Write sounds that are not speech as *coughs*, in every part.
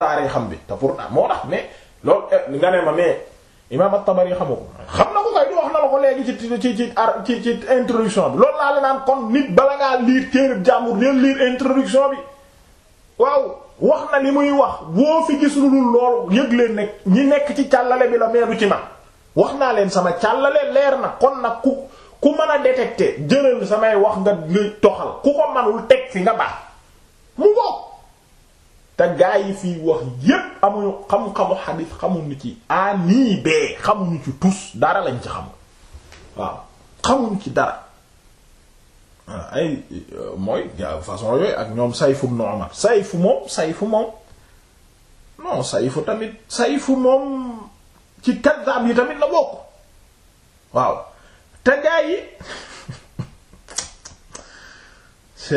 taarix xam bi te pourtant moo tax mais loolu eh, nga ma mais imaam at-Tabari xamu ko xam na ko kay du wax na la ko léegi ci introduction bi lool laa la naan kon nit bala ngaa liir téere jàmbur leen liir introduction bi waaw wax na li muy wax boo fi gis lu dul loolu yëg leen ne ñi nekk ci càllale bi la mais ci man wax naa leen sama càllale leer na kon nag ku ku mën a détecter jëlal samay wax nga ngay toxal ku ko manul teg fi nga baax mu bokk te gaa yi fii wax yépp amuñu xam-xamu xadiis xamuñu ci ani bee xamuñu ci tus dara lañ ci xamul waaw xamuñu ci dara ah, ay euh, mooy façon yooyu ak ñoom sayfu noomar sayfu moom sayfu moom non sayfu tamit sayfu moom ci kaddaab yi tamit la bokk waaw te gaa yi *laughs*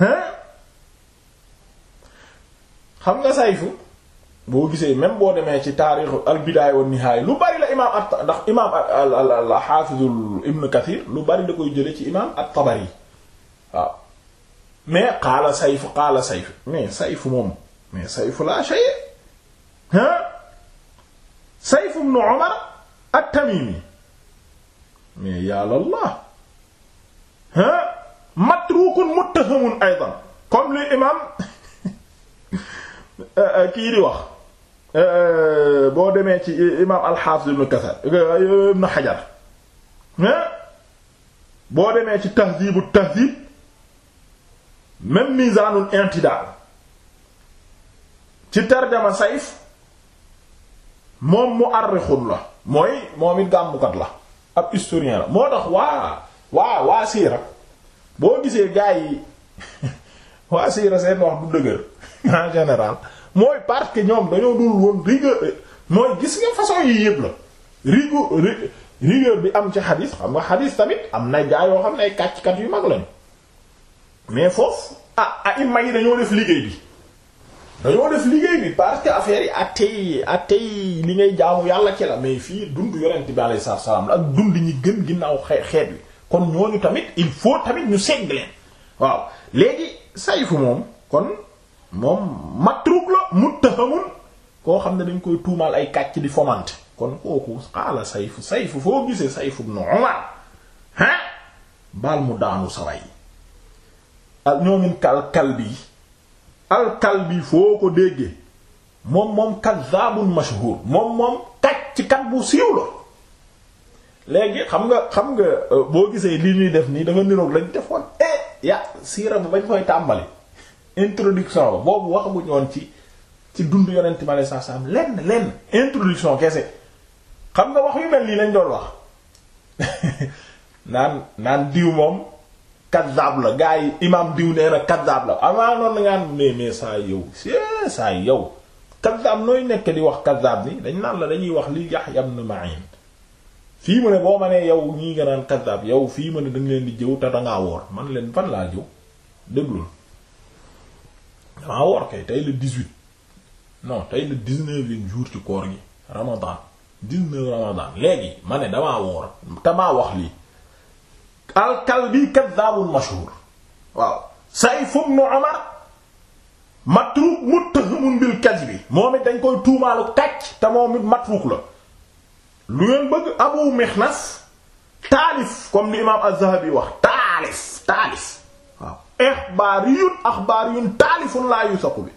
hein xam nga sayfu boo gisee même boo demee ci taarix al bidaaya wan lu bari la imaam al koy jële ci imaam at tabari waaw mais qaala sayfu qaala sayfu mais sayfu moom mais sayfu laa shay ha sayfu ibn umar at tamimi mais yàlla allah ha matruukun muttahamun aydan comme li imaam kii di wax euh, boo demee ci imaam alxaafis ibnu kasar euh, ibnu xajar boo demee ci tahzibu tahzib même misaanul intidaal ci tarjama sayf moom mu arrixul la mooy moom it gàmmukat la ab historien la moo tax waa waa waa siira boo gisee gaa yi *laughs* waa siira seen wax du dëgër en général mooy parce que ñoom dañoo dul woon rigueur mooy gis nga façon yi yëpp la rigueur rigueur bi am ci xadis xam nga xadis tamit am na gaa xam ne ay kàcckat yu mag lañu mais foofu ah ah mag yi dañoo def liggéey bi dañoo def liggéey bi parce que affaire yi à tey à tey li ngay jaamu yàlla ci la mais fii dund yonent bi alayhi salaam la ak dund ñi gën ginnaaw xee xeet yi kon ñooñu tamit il faut tamit ñu segg leen waaw léegi sayfu moom kon. moom matruk la muttahamun koo xam ne dañ koy tuumaal ay kàcc di fomante kon kooku xaala sayfu sayfu foo gisee say ibn Umar ha baal mu daanu saway al ñoomin kal bi al kalbi foo ko déggee moom moom kazaabun mashhur moom moom ci kat bu siiw la léegi xam nga xam nga euh, boo gisee li ñuy def nii dafa niroog lañ defoon eh ya siira ba bañ koy tàmbali introduction ba boobu waxaguñ woon ci ci dund yonent mi aleyhi salaatu salaam lenn lenn introduction kese xam nga wax yu mel nii lañ doon wax *laughs* naan naan diw moom kaddaab la gaa yi imaam diw nee na kaddaab la avant noonu la nga am mais mais saa yow eh, saa yow kaddaab nooy nekk di wax kaddaab ni dañ naan la dañuy wax li Yahya ibn Ma'in fii mu ne boo ma nee yow ñii nga naan kaddaab yow fii mu ne dañ leen di jëw te dangaa woor man leen fan laa jëw déglul damaa ah, woor kay tey le dix-huit non tey le dix-neuf leen jour ci koor gi ramadan dix-neuf ramadan léegi ma ne damaa woor tamaa wax lii alkalbi kaddaabul mashhur waaw Sayf ibn Umar matruuk muttahamun bil kadhbi moom it dañ koy tuumaalu kàcc te moom it matruuk la lu ngeen bëgg Abu Mixnas taalif comme li imaam az wax taalif taalif ixbaariyun axbaariyun taalifun laa yusaqu bi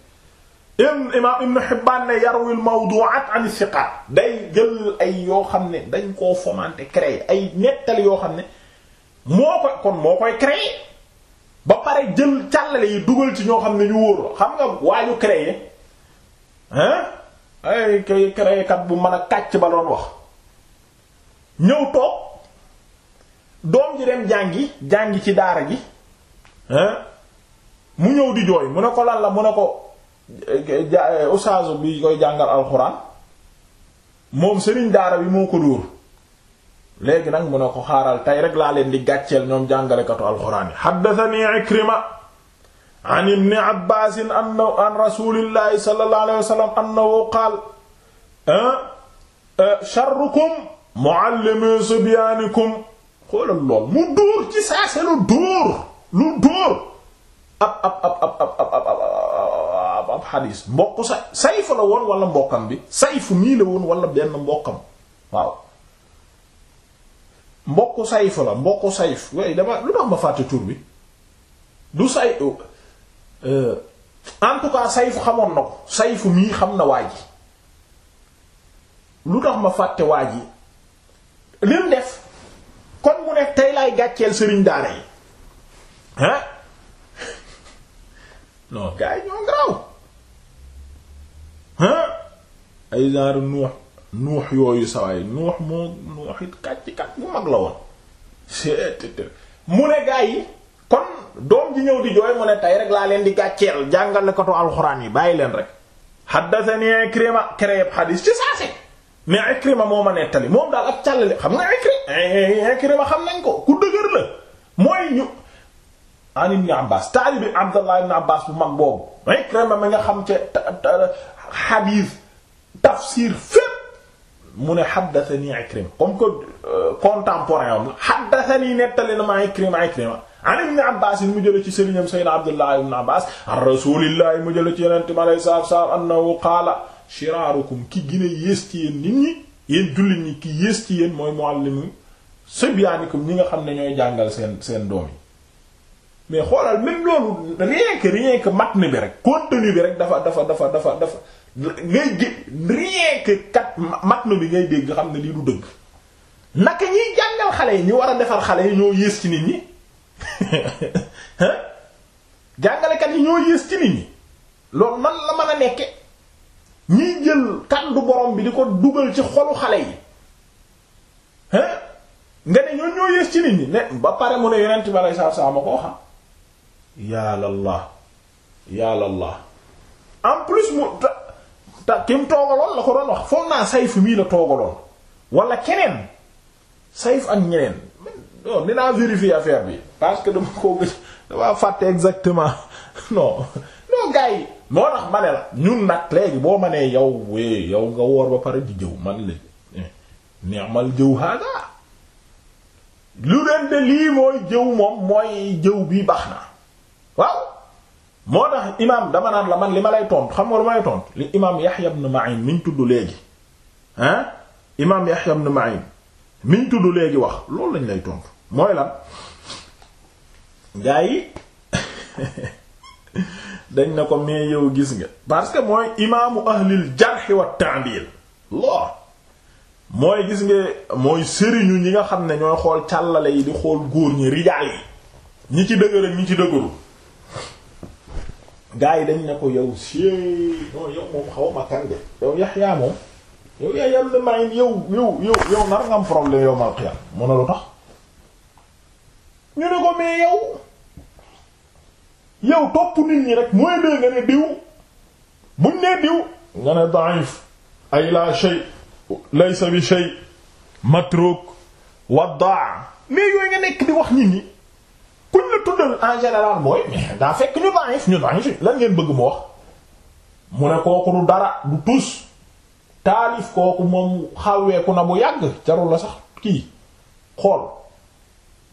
imaam ibnu Hibbaan ne yarwi al-mawduu'aat an day jël ay yoo xam ne dañ koo fomenter créer ay nettali yoo xam ne moo koy kon moo koy créer ba pare jël càllale yi dugal ci ñoo xam ne ñu wóor la xam nga waaju créer hein ay kay créer kat bu mën a kàcc ba doon wax ñëw toog doom ji dem jàngi jàngi ci daara ji mu ñëw di jooy mu ne ko lan la mu ne ko ustaasu bi koy jàngal alxuraan moom sëriñ daara bi moo ko dóor léegi nag mu ne ko xaaral tey rek laa leen di gàcceel ñoom jàngalekatu alxuraan yi xaddatani ikrima an ibni abbasin anna an rasulillahi sallallahu alayhi wasallam annahu qaal charrukum muallimi subyaanikum xoolal lool mu dóor ci saase lu dóor lu dóor ab ab ab ab ab ab xadiis mbokk sa sayfu la woon wala mbokkam bi sayfu nii la woon wala benn mbokkam waaw mbokku sayfu la mbokku sayf waaye dama lu tax ma fàtte tur bi du say euh, en tout cas sayfu xamoon na ko sayfu mii xam na waa ji lu tax ma fàtte waa ji lim def kon mu ne tey laay gàcceel sëriñ daara yi hein non gars yi ñoo garaw hein ay genre nuux nuux yooyu sawaay nuux moo nuuxit kàcc kàcc bu mag la woon mu ne gars yi kon doom ji ñëw di jooy mu ne rek laa leen di gàcceel jàngalekatu alxuraan yi bàyyi leen rek haddathani Ikrima kereeb xadiis ci saase mais Ikrima moo ma nettali moom daal ak càllale xam nga Ikrima Ikrima xam nañ ko ku dëgër la mooy ñu an ibn Abbas taalibi Abdallah ibn Abbas bu mag boobu Ikrima eh, mi nga xam ci xadiis tafsir fépp mu ne haddathani Ikrima comme que euh, contemporain am haddathani nettali na ma Ikrima Ikrima an ibn Abbas mu jële ci sëriñam sayyidina Abdallah ibn Abbas an Rasulillah mu jële ci Yonent bi alayhi salaatu wa salaam annahu qaala shiraarukum ki gën a yées ci yéen nit ñi yéen jullit ñi ki yées ci yéen mooy muallimu sibyaanikum ñi nga xam ne ñooy jàngal seen seen doom yi mais xoolal même loolu rien que rien que matn bi rek contenu bi rek dafa dafa dafa dafa dafa ngay dé rien que kat matn bi ngay dégg xam ne lii du dëgg naka ñiy jàngal xale yi ñu war a defar xale yi ñoo yées ci nit ñi *laughs* jàngalekat yi ñoo yées ci nit ñi loolu man la mën a nekke ñiy jël kàddu borom bi di ko dugal ci xolu xale yi hein nga ne ñoo ñoo yées ci nit ñi ne ba pare mu ne yonent bi sallallahu alayhi wasallam ko xam yàllallah yàllallah en plus mu ta ta ki mu toogaloon la ko doon wax foog naa sayfu mii la toogaloon wala keneen sayf ak ñeneen non dinaa vérifier affaire bi parce que dama ko gëj damaa fàtte exactement *laughs* non non gars yi moo tax ma la ñun nag léegi boo ma nee yow wee yow nga woor ba pare di jëw man la eh, neexmal jëw hada lu leen de lii mooy jëw moom mooy jëw bi baax na waaw moo tax imaam dama naan la man li ma lay tontu xam nga lu ma lay tontu li imaam Yahya ibn Ma'in mi ñu tudd léegi ah imaam Yahya ibn Ma'in mi ñu tudd léegi wax loolu lañ lay tontu mooy lan gaa yi *laughs* dañ ne ko mais yow gis nga parce que mooy imaamu ahlil jarh wa lool mooy gis nga mooy sëriñu ñi nga xam ne ñooy xool càllale yi di xool góor ñi rijaal yi ñi ci dëgër ak ñi ci dëgëru gaa yi dañ ne ko yow sie non yow moom xaw ma kan de yow Yaxya moom yow Yaxya ibn Ma'in yow yow yow yow nar nga am problème yow mal xiyam mu ne lu tax ñu ne ko mais yow yow topp nit ñi rek mooy dee nga ne diw buñ ne diw nga ne da'if ay la shay laysa bi shay matruk wadda mais yooyu nga nekk di wax nit ñi kuñ la tuddal en général mooy daa fekk ñu daif ñu daif lan ngeen bëgg mu wax mu ne kooku du dara du tus taalif kooku moom xawweeku na bu yàgg jarul la sax kii xool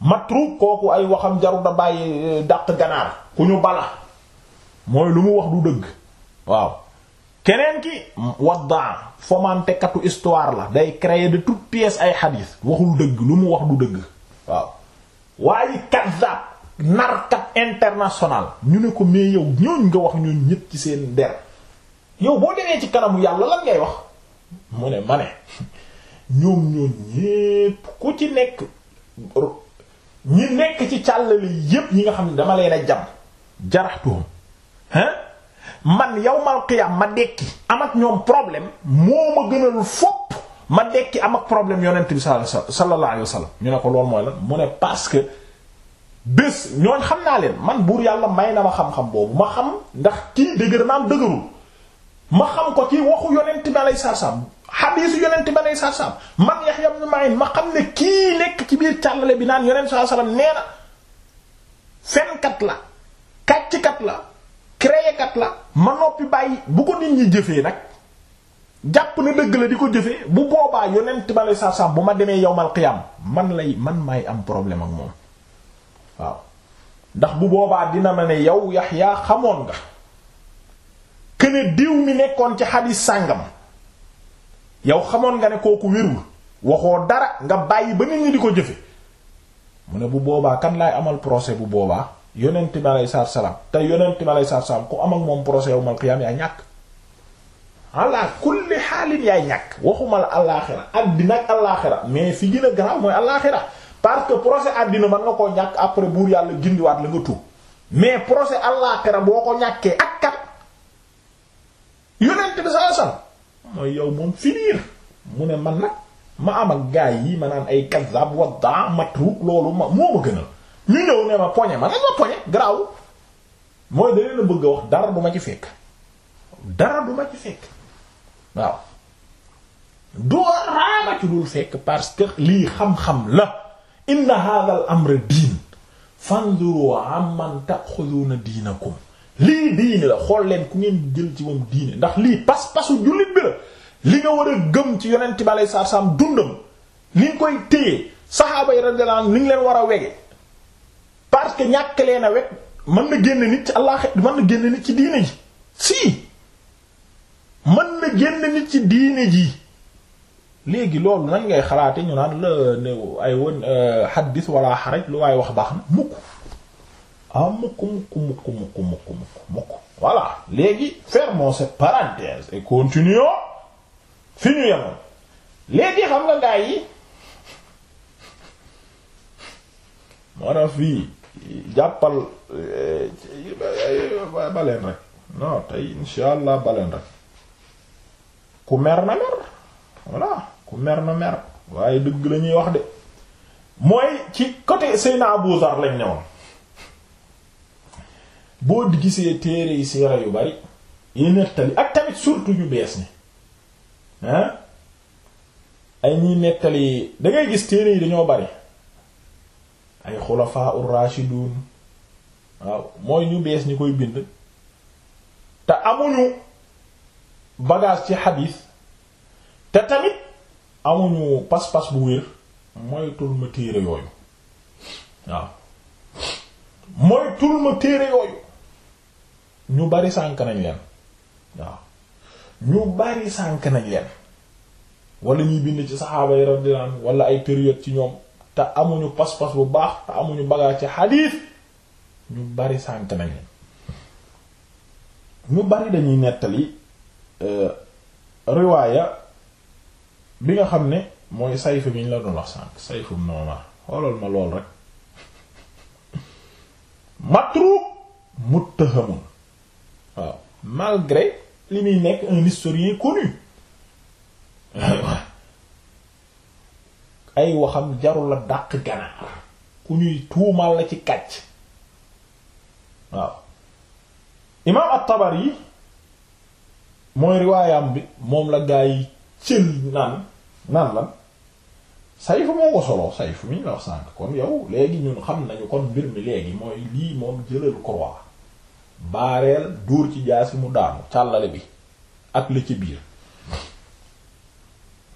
matru kooku ay waxam jarul da bàyyi eh, dàq ganaar ku ñu bala mooy lu mu wax du dëgg waaw keneen ki waddaa fomantekatu histoire la day créer de toutes pièces ay xadiis waxul dëgg lu mu wax du dëgg waaw waaye kazzab narkat international ñu ne ko mais yow ñooñ nga wax ñooñ ñépp ci seen der yow boo demee ci kanamu yàlla lan ngay wax mu ne ma ne *laughs* ñoom ñooñ ñépp ku ci nekk ñi nekk ci càllale yépp yi nga xam ne dama leen a jam jaraxtuhum hein man yawmal qiyam ma dekki am ak ñoom problème moo ma gënal fopp ma dekki am ak problème yonent bi sallallahu alayhi wa sallam ñu ne ko loolu mooy lan mu ne parce que bés ñooñ xam naa leen man buur yàlla may na ma xam-xam boobu ma xam ndax kii dëgër naam dëgërul ma xam ko ci waxu yonent bi alayhi salaam xadiisu yonent bi alayhi salaam man Yahya ibn Ma'in ma xam ne kii nekk ci biir càllale bi naan yonent saa alayhi wasallam nee na fenkat la kàccikat la créekat la ma noppi bàyyi bu ko nit ñi jëfee nag jàpp na dëgg la di ko jëfee bu boobaa yonent ba lay saaf bu ma demee yowmal qiyam man lay man maay am problème ak moom waaw ndax bu boobaa dina ma ne yow Yaxya xamoon nga këne diw mi nekkoon ci xadis sàngam yow xamoon nga ne kooku wérul waxoo dara nga bàyyi ba nit ñi di ko jëfe mu ne bu boobaa kan laay amal procès bu boobaa yonent bi aleyhi salaatu wa salaam te yonent bi aleyhi salaatu wa salaam ku am ak moom procès yawmal qiyaama yaa ñàkk ala kulli xaalin yaay ñàkk waxuma la allaaxira àddina ak allaaxira mais fi gën a garaaw mooy allaaxira parce que procès àddina mën nga koo ñàkk après buur yàlla gindiwaat la nga tuub mais procès allaaxira boo ko ñàkkee ak kat yonent bi sa san mooy yow moom finir mu ne man nag ma am ak gaay yi ma naan ay kazzab wadda matru loolu ma moo ma gënal ñu ñëw ne ma poñe ma nag ma poñe garaaw mooy da leen a bëgg a wax dara du ma ci fekk dara du ma ci fekk waaw doo raama ci dul fekk parce que lii xam-xam la inna hadha al amra diin fanzuru amman na diinakum lii diini la xool leen ku ngeen jël ci moom diine ndax lii pas-pasu jullit bi la li nga war a gëm ci yonent bi aleyhi salaatu salaam dundam li nga koy téye saxaaba yi leen war a wege parce que ñàkk leen a mën na génn nit ci Allah mën na génn nit ci diine ji si mën na génn nit ci diine ji léegi loolu nan ngay xalaate ñu naan la new ay won xaddis euh, wala xaraj lu waaye wax baax na mukk ah, mukk mukk mukk mukk mukk mukk mukk léegi fermons cette parenthèse et continuons fi ñu yemoon léegi xam nga gaa yi moo tax fii jàppal euh, baleen rek non tey insha baleen rek ku mer na mer ku mer waaye dëgg la ñuy wax de mooy ci côté Seyna Abu Zar lañ ne boo gisee téere yi siira yu bari yi nettali ak tamit surtout ñu bees ni hein ay ñuy nettali dangay gis téere yi dañoo bari ay xulafaa ur-rashidun waaw mooy ñu bees ñu koy bind te amuñu bagage ci xadiis te tamit amuñu pas-pas bu wér moytul ma yooyu waaw moytul ma yooyu ñu bari sànk nañ leen waaw ñu bari sànk nañ leen wala ñuy bind ci saxaaba yi radiyallahu anhu wala ay période ci ñoom te amuñu pas-pas bu baax te amuñu bagage ci xadiis ñu bari sànk nañ leen ñu bari dañuy nettali Euh, riwaaya bi nga xam ne mooy sayf bi ñu la doon wax sànq sayf ibn Umar xoolal ma lool rek *laughs* matruuk muttahamun waaw malgré li muy nekk un historien connu *laughs* ay waxam jarul la dàq ganaar ku ñuy tuumal la ci kàcc waaw imaam at-Tabari mooy riwaayam bi moom la gaa yi cël naan naan lan sayfu moo ko soloo sayfu mi la wax sànk kon yow léegi ñun xam nañu kon mbir mi léegi mooy lii moom jëlal croix baareel dóor ci jaasi mu daanu càllale bi ak la ci biir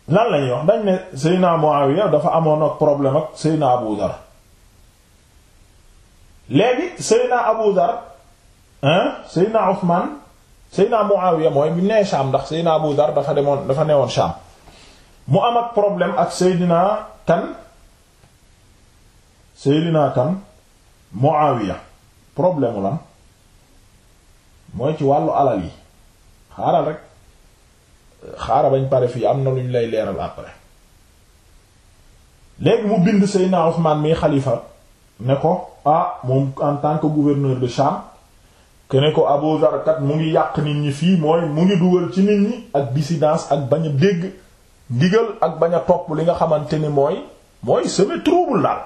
lan lañuy wax dañ ne Seyna Muawiya dafa amoon ak problème ak Seyna Abu Dhar léegi Seyna Abu Dhar hein Seyna Ousmane mu Muawiya mooy bi mu nee Sham ndax Seydina Abu Dar dafa demoon dafa newoon Sham mu am ak problème ak Seydina kan Seydina kan Muawiya problème mu lan mooy ci wàllu alal yi xaaral rek xaaral bañ pare fii am na lu lay leeral après léegi mu bind Seydina Ousmane mi xalifa ne ko ah moom en tant que gouverneur de Sham kene ko Abu Zar kat mu ngi yàq nit ñi fii mooy mu ngi dugal ci nit ñi ak dissidence ak bañ a dégg ndigal ak bañ a topp li nga xamante ni mooy mooy semer trouble daal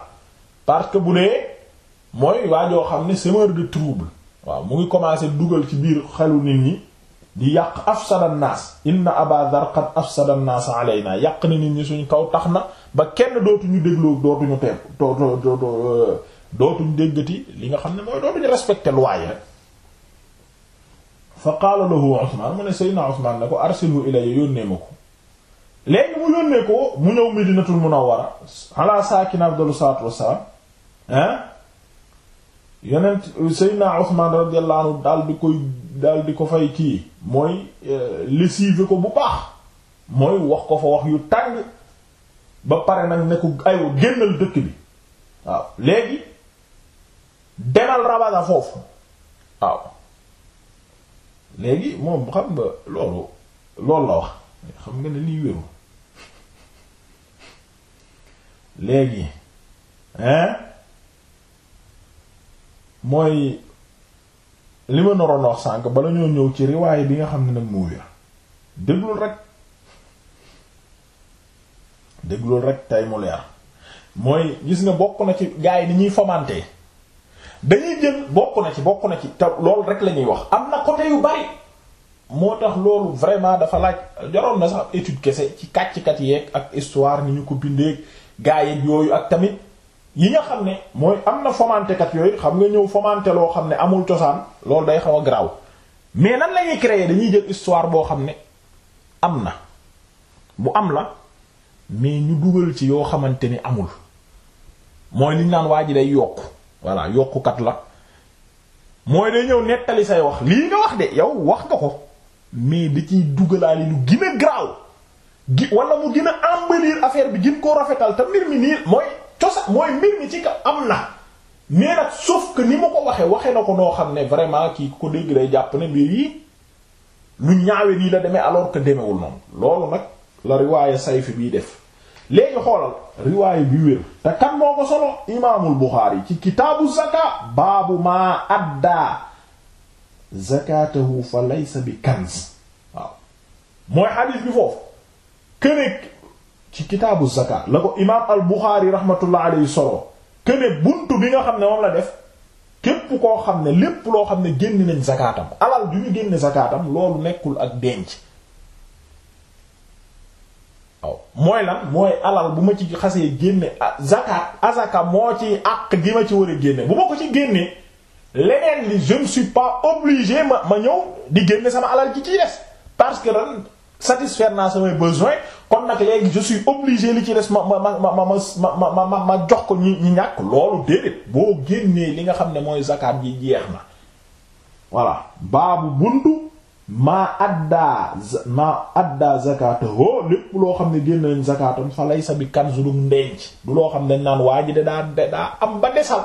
parce que bu dee mooy waajoo xam ne semeur de trouble waaw mu ngi commencé dugal ci biir xelu nit ñi di yàq afsada naas inna Aba Zar qad afsada naas alayna yàq na nit ñi suñ kaw tax na ba kenn dootuñu déglu dootuñu tepp dootuñu déggati li nga xam ne mooy dootuñu respecté loi rek fa qaala lahu Usmaan mu ne Seydina Usmaan ne ko arsilhu ilayya yónnee ma ko léegi mu yónnee ko mu ñëw Madinatul Munawwara ala saakina afdalu salaatu wassalaam ah yonent Seydina Usmaan radiyallahu anhu daal di koy daal di ko fay kii mooy euh, lessive ko bu baax mooy wax ko fa wax yu tàng ba pare nag ne ko aywa génnal dëkk bi waaw léegi demal rabada foofu waaw léegi moom xam nga loolu loolu la wax xam nga ne liy wéru léegi hein mooy li ma naroon wax ba bala ñoo ñëw ci riwaay bi nga xam ne nag moo wér déglul rek déglul rek tey mu leer mooy gis nga bokk na ci gaay ni ñuy fomante dañuy jël bokk na ci bokk na ci te loolu rek la ñuy wax am na côté yu bari moo tax loolu vraiment dafa laaj jaroon na sax étude kese ci kàccikat yeeg ak histoire ni ñu ko bindeeg gaa yooyu ak tamit yi nga xam ne mooy am na fomantekat yooyu xam nga ñëw fomante loo xam ne amul cosaan loolu day xaw a garaaw mais nan la ñuy créer dañuy jël histoire boo xam ne am na bu am la mais ñu dugal ci yoo xamante ni amul mooy liñ naan waa ji day yokk voilà yokkukat la mooy day ñëw nettali say wax lii nga wax de yow wax nga ko mais da ciy dugalaale lu gën a garaaw gi wala mu gën a embellir affaire bi gën koo rafetal te mbir mi nii mooy cosa mooy mbir mi ci ka am na mais nag sauf que ni ma ko waxe waxe na ko noo xam ne vraiment kii ko dégg day jàpp ne mbir yi lu ñaawe lii la demee alors que demewul noonu loolu nag la riwaaya sayfi bii def léegi xoolal riwaay bi wér te kan moo ko solo imaamul Buxaari ci kitaabu zaka baabu maa addaa zakatahu fa laysa bi kanz waaw mooy xadiis bi foofu këne ci kitaabu zaka la ko imaam al Buxaari rahmatullah alayhi solo këne bunt bi nga xam ne moom la def képp koo xam ne lépp loo xam ne génn nañ zakatam alal ju ñu génne zakatam loolu nekkul ak denc waaw mooy lan mooy alal bu ma ci xasee génne zakat azaka moo ci àq gi ma ci war a génne bu ma ko ci génnee leneen li je ne suis pas obligé ma ma ñëw di génne sama alal gi ci des parce que ren satisfaire naa samay besoin kon nag léegi je suis obligé li ci des ma ma ma ma ma ma ma ma ma jox ko ñi ñi ñàkk loolu déedéet boo génnee li nga xam ne mooy zakat gi jeex na voilà baabu buntu. maa addaa maa addaa zakata ho lépp loo xam ne génn nañ zakatam fa lay sa ndenc du loo xam ne naan waa ji de daa de daa am ba desal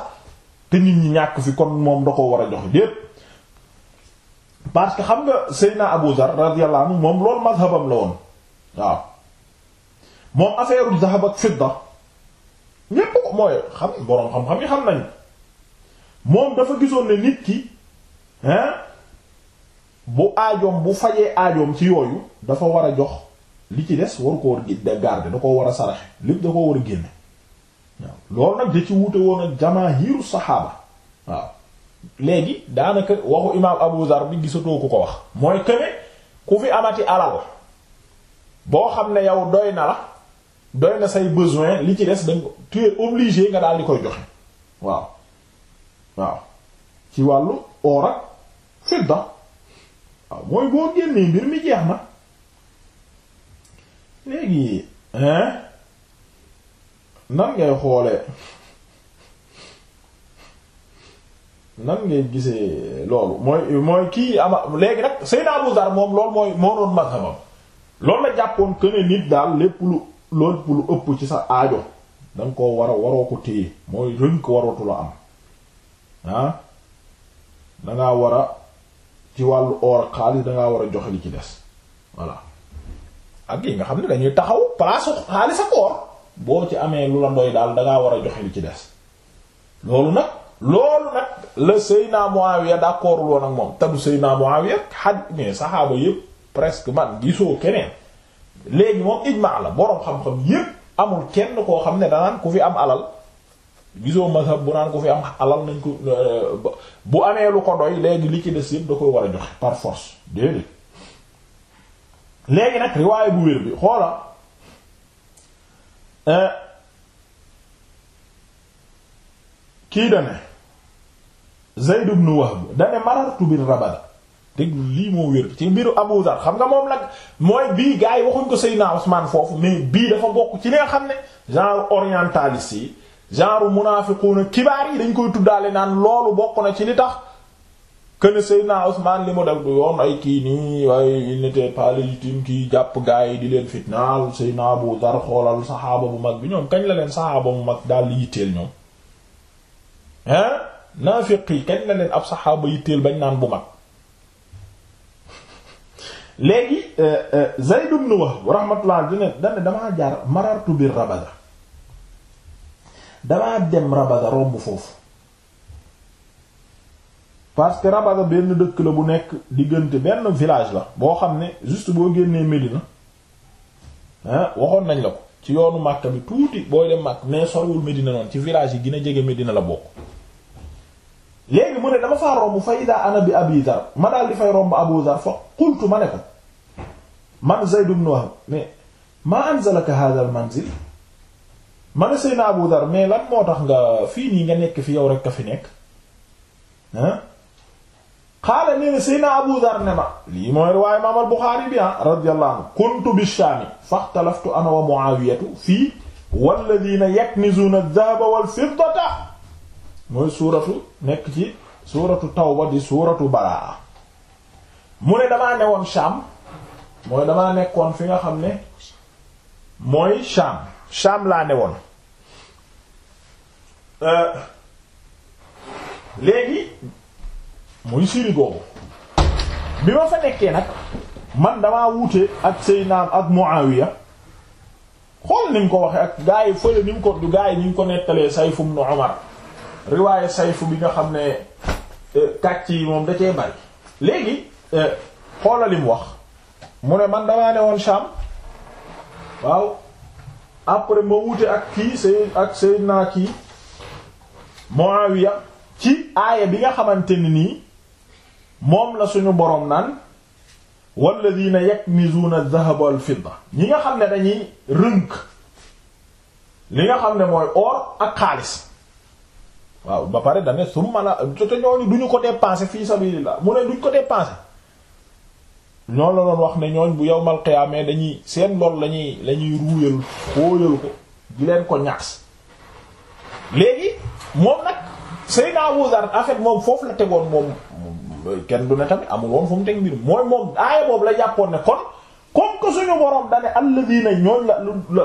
te nit ñi ñàkk fi kon moom da ko war a joxe déet parce que xam nga Seydina Abu Zar radiyallahu anhu moom loolu mazhabam la woon waaw moom affaire u zahab ak fidda ñépp ko mooy xam boroom xam-xam yi xam nañ moom dafa gisoon ne nit ki bu aajoom bu fajee aajoom ci yooyu dafa war a jox li ci des waru ko war a garder da ko war a saraxe lépp da ko war a génne waaw loolu nag da ci wuute woon ak jamaahiru saxaaba waaw léegi daanaka waxu imaam Abu Zar bi gisatoo ku ko wax mooy que ne ku fi amati alal boo xam ne yow doy na la doy na say besoin li ci des da nga tu es obligé nga daal di koy joxe waaw waaw ci wàllu or ak fidda waaw mooy boo génnee mbir mi jeex na léegi hein nan ngay xoolee nan ngay gisee loolu mooy mooy kii ama léegi nag Seydina Abu Dar moom lool mooy moo doon mazhabam loolu la jàppoon que nit daal lépp lu loolu lu ëpp ci sa aajo danga koo war a waroo ko téye mooy rënk warootu am ah war ci wàllu or xaalis dangaa war a joxe li ci des voilà ak yi nga xam ne dañuy taxaw place xaalis ak or boo ci amee lu la doy daal dangaa war a joxe li ci des loolu nag loolu nag la Seyna Muawiya d'accord woon ak moom sëy Seyna Muawiya xaj mais saxaaba yëpp presque man gisoo keneen léegi moom ijmaa la boroom xam-xam yépp amul kenn koo xam ne danaan ku fi am alal gisoo mazhab bu naan ko fi am alal nañ ko euh, bu amee lu ko doy léegi li ci des yëpp da koy war a joxe par force déedéet léegi nag riwaay bu wér bi xoola euh, kii dane Zayd ibn Wahb dane marartu bir rabada te lii moo wér ci mbiru Abu Zar xam nga moom nag mooy bii gaa yi waxuñ ko Seydina Usman foofu mais bii dafa bokk ci li nga xam ne genre orientaliste yi genre na kibaar yi dañ koy tuddaale naan loolu bokk na ci li tax kën Seydina Usmaan li mu def du yoon ay kii nii waaye il n'était pas légitime kii jàpp gaa yi di leen fitnaal Seydina Abu Dar xoolal saxaaba bu mag bi ñoom kañ la leen saxaaba mu mag daal di yitteel ñoom hein naafiq kañ la leen ab saxaaba yitteel bañ naan bu mag léegi euh, euh, Zayd ibn Wahb rahmatullah dina dana damaa jaar marartu bir Rabada damaa dem Rabada romb foofu parce que Rabada benn dëkk la bu nekk diggante benn village la boo xam ne juste boo génnee Médina ah waxoon nañ la ko ci yoonu Makka bi tuuti booy dem Makka mais sorwul Médina noonu ci village yi gën a jege Médina la bokk léegi mu ne dama faa romb fa ida ana bi Abi ma daal di fay romb Abu Dar fa qultu ma ne ko man Zayd ibn ma anzalaka hadha al manzil ma ne Seydina Abu Dar mais lan moo tax nga fii nii nga nekk fi yow rek ka fi nekk ah xaala nee na Seydina Abu Dar ne ma lii mooy riwaaya Imaam al-Buxaari bi ah radiyallahu anhu bi-Shaami faxtalaftu ana wa Muawiyatu fii wallaziina yaknizuuna ad-dahaba wal-fiddata mooy suuratu nekk ci suuratu Tawba di suuratu Baraa mu ne damaa newoon Shaam mooy damaa nekkoon fi nga xam ne mooy Shaam Shaam laa newoon Euh, léegi muy siri boobu bi ma fa nekkee nag man damaa wuute ak Seydina ak Muawiya xool ni mu ko waxee ak gaa yi fële ni mu ko du gaa yi ni mu ko nettalee Sayf ibn Umar riwaaye Sayf bi nga xam ne euh, kàcc yi moom da cee léegi euh, xoolal wax mu ne man damaa ne woon Sham waaw après ma wuute ak kii Seydina ak Seydina kii Muawiya ci aaya bi nga xamante ni nii moom la suñu boroom naan walladina yaknizuuna dhahaba wal fidda ñi nga xam ne dañuy rënk li nga xam ne mooy or ak xaalis waaw ba pare dane summa la te ñooñu du duñu ko dépenser fii sabilillah mu ne duñ ko dépenser ñoo la doon wax ne ñooñ bu yowmal qiyaamee dañuy seen lool lañuy lañuy ruuyal xóoyal ko di leen ko ñaas léegi moom nag Seydina Abu Zar en moom foofu la tegoon moom kenn du ne tamit amul woon fu mu teg mbir mooy moom aaya boobu la jàppoon ne kon comme que suñu borom dane alladina ñooñ la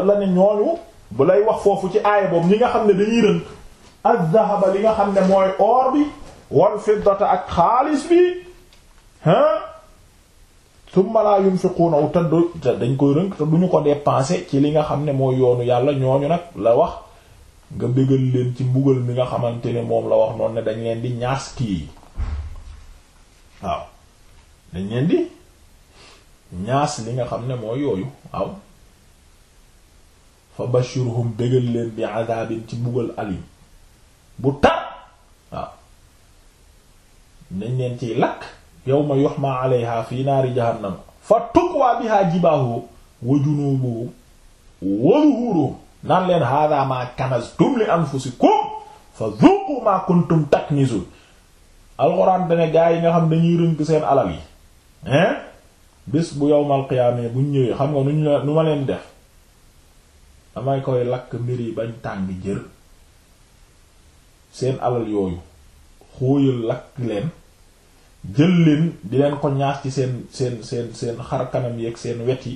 la ne ñooñu bu lay wax foofu ci aaya boobu ñi nga xam ne dañuy rënk ak zahaba li nga xam ne mooy or bi wal fiddata ak xaalis bi ah thumma la yunfiquna te dañ koy rënk te duñu ko dépenser ci li nga xam ne mooy yoonu yàlla ñooñu nag la wax nga bégal leen ci mbugal mi nga xamante ne moom la wax noonu ne dañ leen di ñaas kii yi waaw dañ leen di ñaas li nga xam ne mooy yooyu waaw fa bashirhum bégal leen bi azabin ci mbugal alim bu tar waaw dañ leen ciy lakk yawma yuhma alayha fi naari jahannam fa tukwaa biha jibaahu wa junubuhu wa zuhuruhum naan leen hada ma kanaztum li anfusikum fa dhuqu ma kuntum taknizun alxuraan dane gaa yi nga xam dañuy rënk seen alal yi hein bés bu yowmal qiyaamee buñ ñëwee xam nga nuñ la nu ma leen def damay koy lakk mbir yi bañ tàng jër seen alal yooyu xóoyal lakk leen jël leen di leen ko ñaas ci seen seen seen seen xar kanam yi ak seen wet yi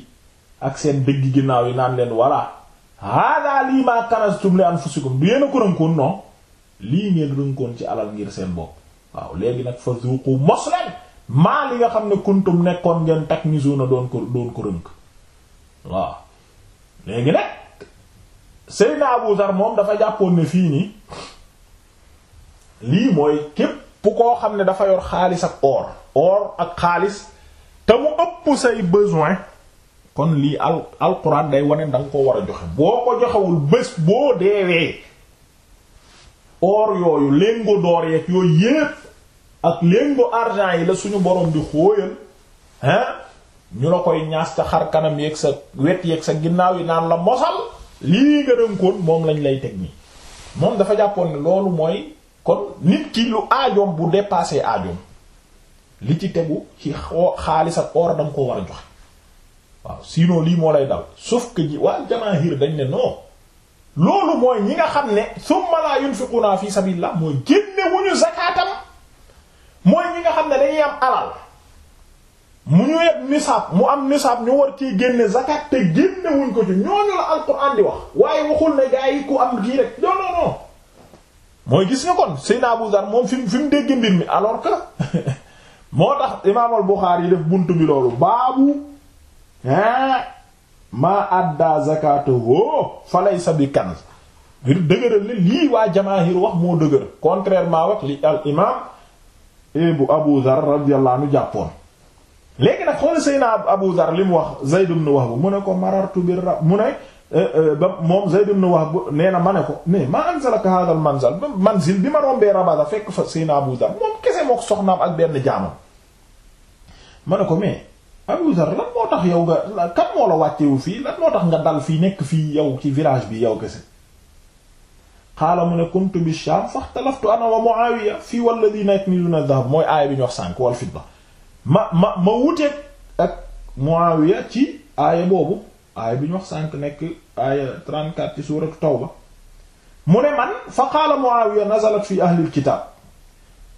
ak seen dëgg ginnaaw yi naan leen walla hada lii maa kanastum li anfusikum du yéen a ko rënkoon non lii ngeen rënkoon ci alal ngir seen bopp waaw léegi nag fa zuqu mos leen maa li nga xam ne kuntum nekkoon ngeen taknizuna doon ko doon ko rënk waaw léegi nag Seydina Abu Dar moom dafa jàppoon ne fii nii lii mooy képp koo xam ne dafa yor xaalis ak or or ak xaalis te mu ëpp say besoin kon lii al alquran day wane danga nga ko war a joxe boo ko joxewul bés boo deewee or yooyu lingot d'or yeeg yooyu yépp ak lingot argent yi la suñu borom di xóoyal hein ñu la koy ñaas sa xar kanam yeeg sa wet yeeg sa ginnaaw yi naan la mosal lii nga rënkoon moom lañ lay teg nii moom dafa jàppoon ne loolu mooy kon nit ki lu aajoom bu dépassé aajoom li ci tegu ci xaalis ak or da ko war a joxe waaw sinon lii moo lay dal sauf que ji waa jamaahir dañ ne non loolu mooy ñi nga xam ne summa la yunfiquna fi sabilillah mooy génne wuñu zakaatam mooy ñi nga xam ne dañuy am alal mu ñu yeb nisaab mu am nisaab ñu war ciy génne zakat te génne wuñ ko ci ñooñu la alquran di wax waaye waxul ne gaa ku am kii rek non non mooy gis nga kon Seydina Abu Dar moom fi mu fi mu dégg mbir mi alors que *laughs* moo tax Imaam al-Bukhari def buntu bi loolu baabu. maa adda zakata woo falaysa bi kanz ngir dëgëral ne lii waa jamaahir wax moo dëgër contrairement wax li al imam bu Abu Dhar radiyallahu anhu jàppoon léegi nag xool Seydina Abu li mu wax Zayd ibn Wahb mu ne ko marartu bir rab mu ne eh, eh, ba moom Zayd ibn Wahb nee na ma ne ko mais ma anzalaka hadha al manzal manzil bi ma rombee Rabada fekk fa Seydina Abu Dhar moom kese moo ko ak benn jaamam ma ne ko mais Abu Zar lan moo tax yow nga kan moo la wàccewu fii lan moo tax nga dal fii nekk fii yow ci village bi yow kese xaala mu ne kuntu bi Sham faxtalaftu ana wa Muawiya fii walladhina yaknizuna dhahab mooy aaya bi ñu wax sànk wal fidda ma ma ma wuteeg ak Muawiya ci aaya boobu aaya bi ñu wax sànk nekk aaya 34 ci suuratu Tawba mu ne man fa qaala Muawiya nazalat fi ahlil kitaab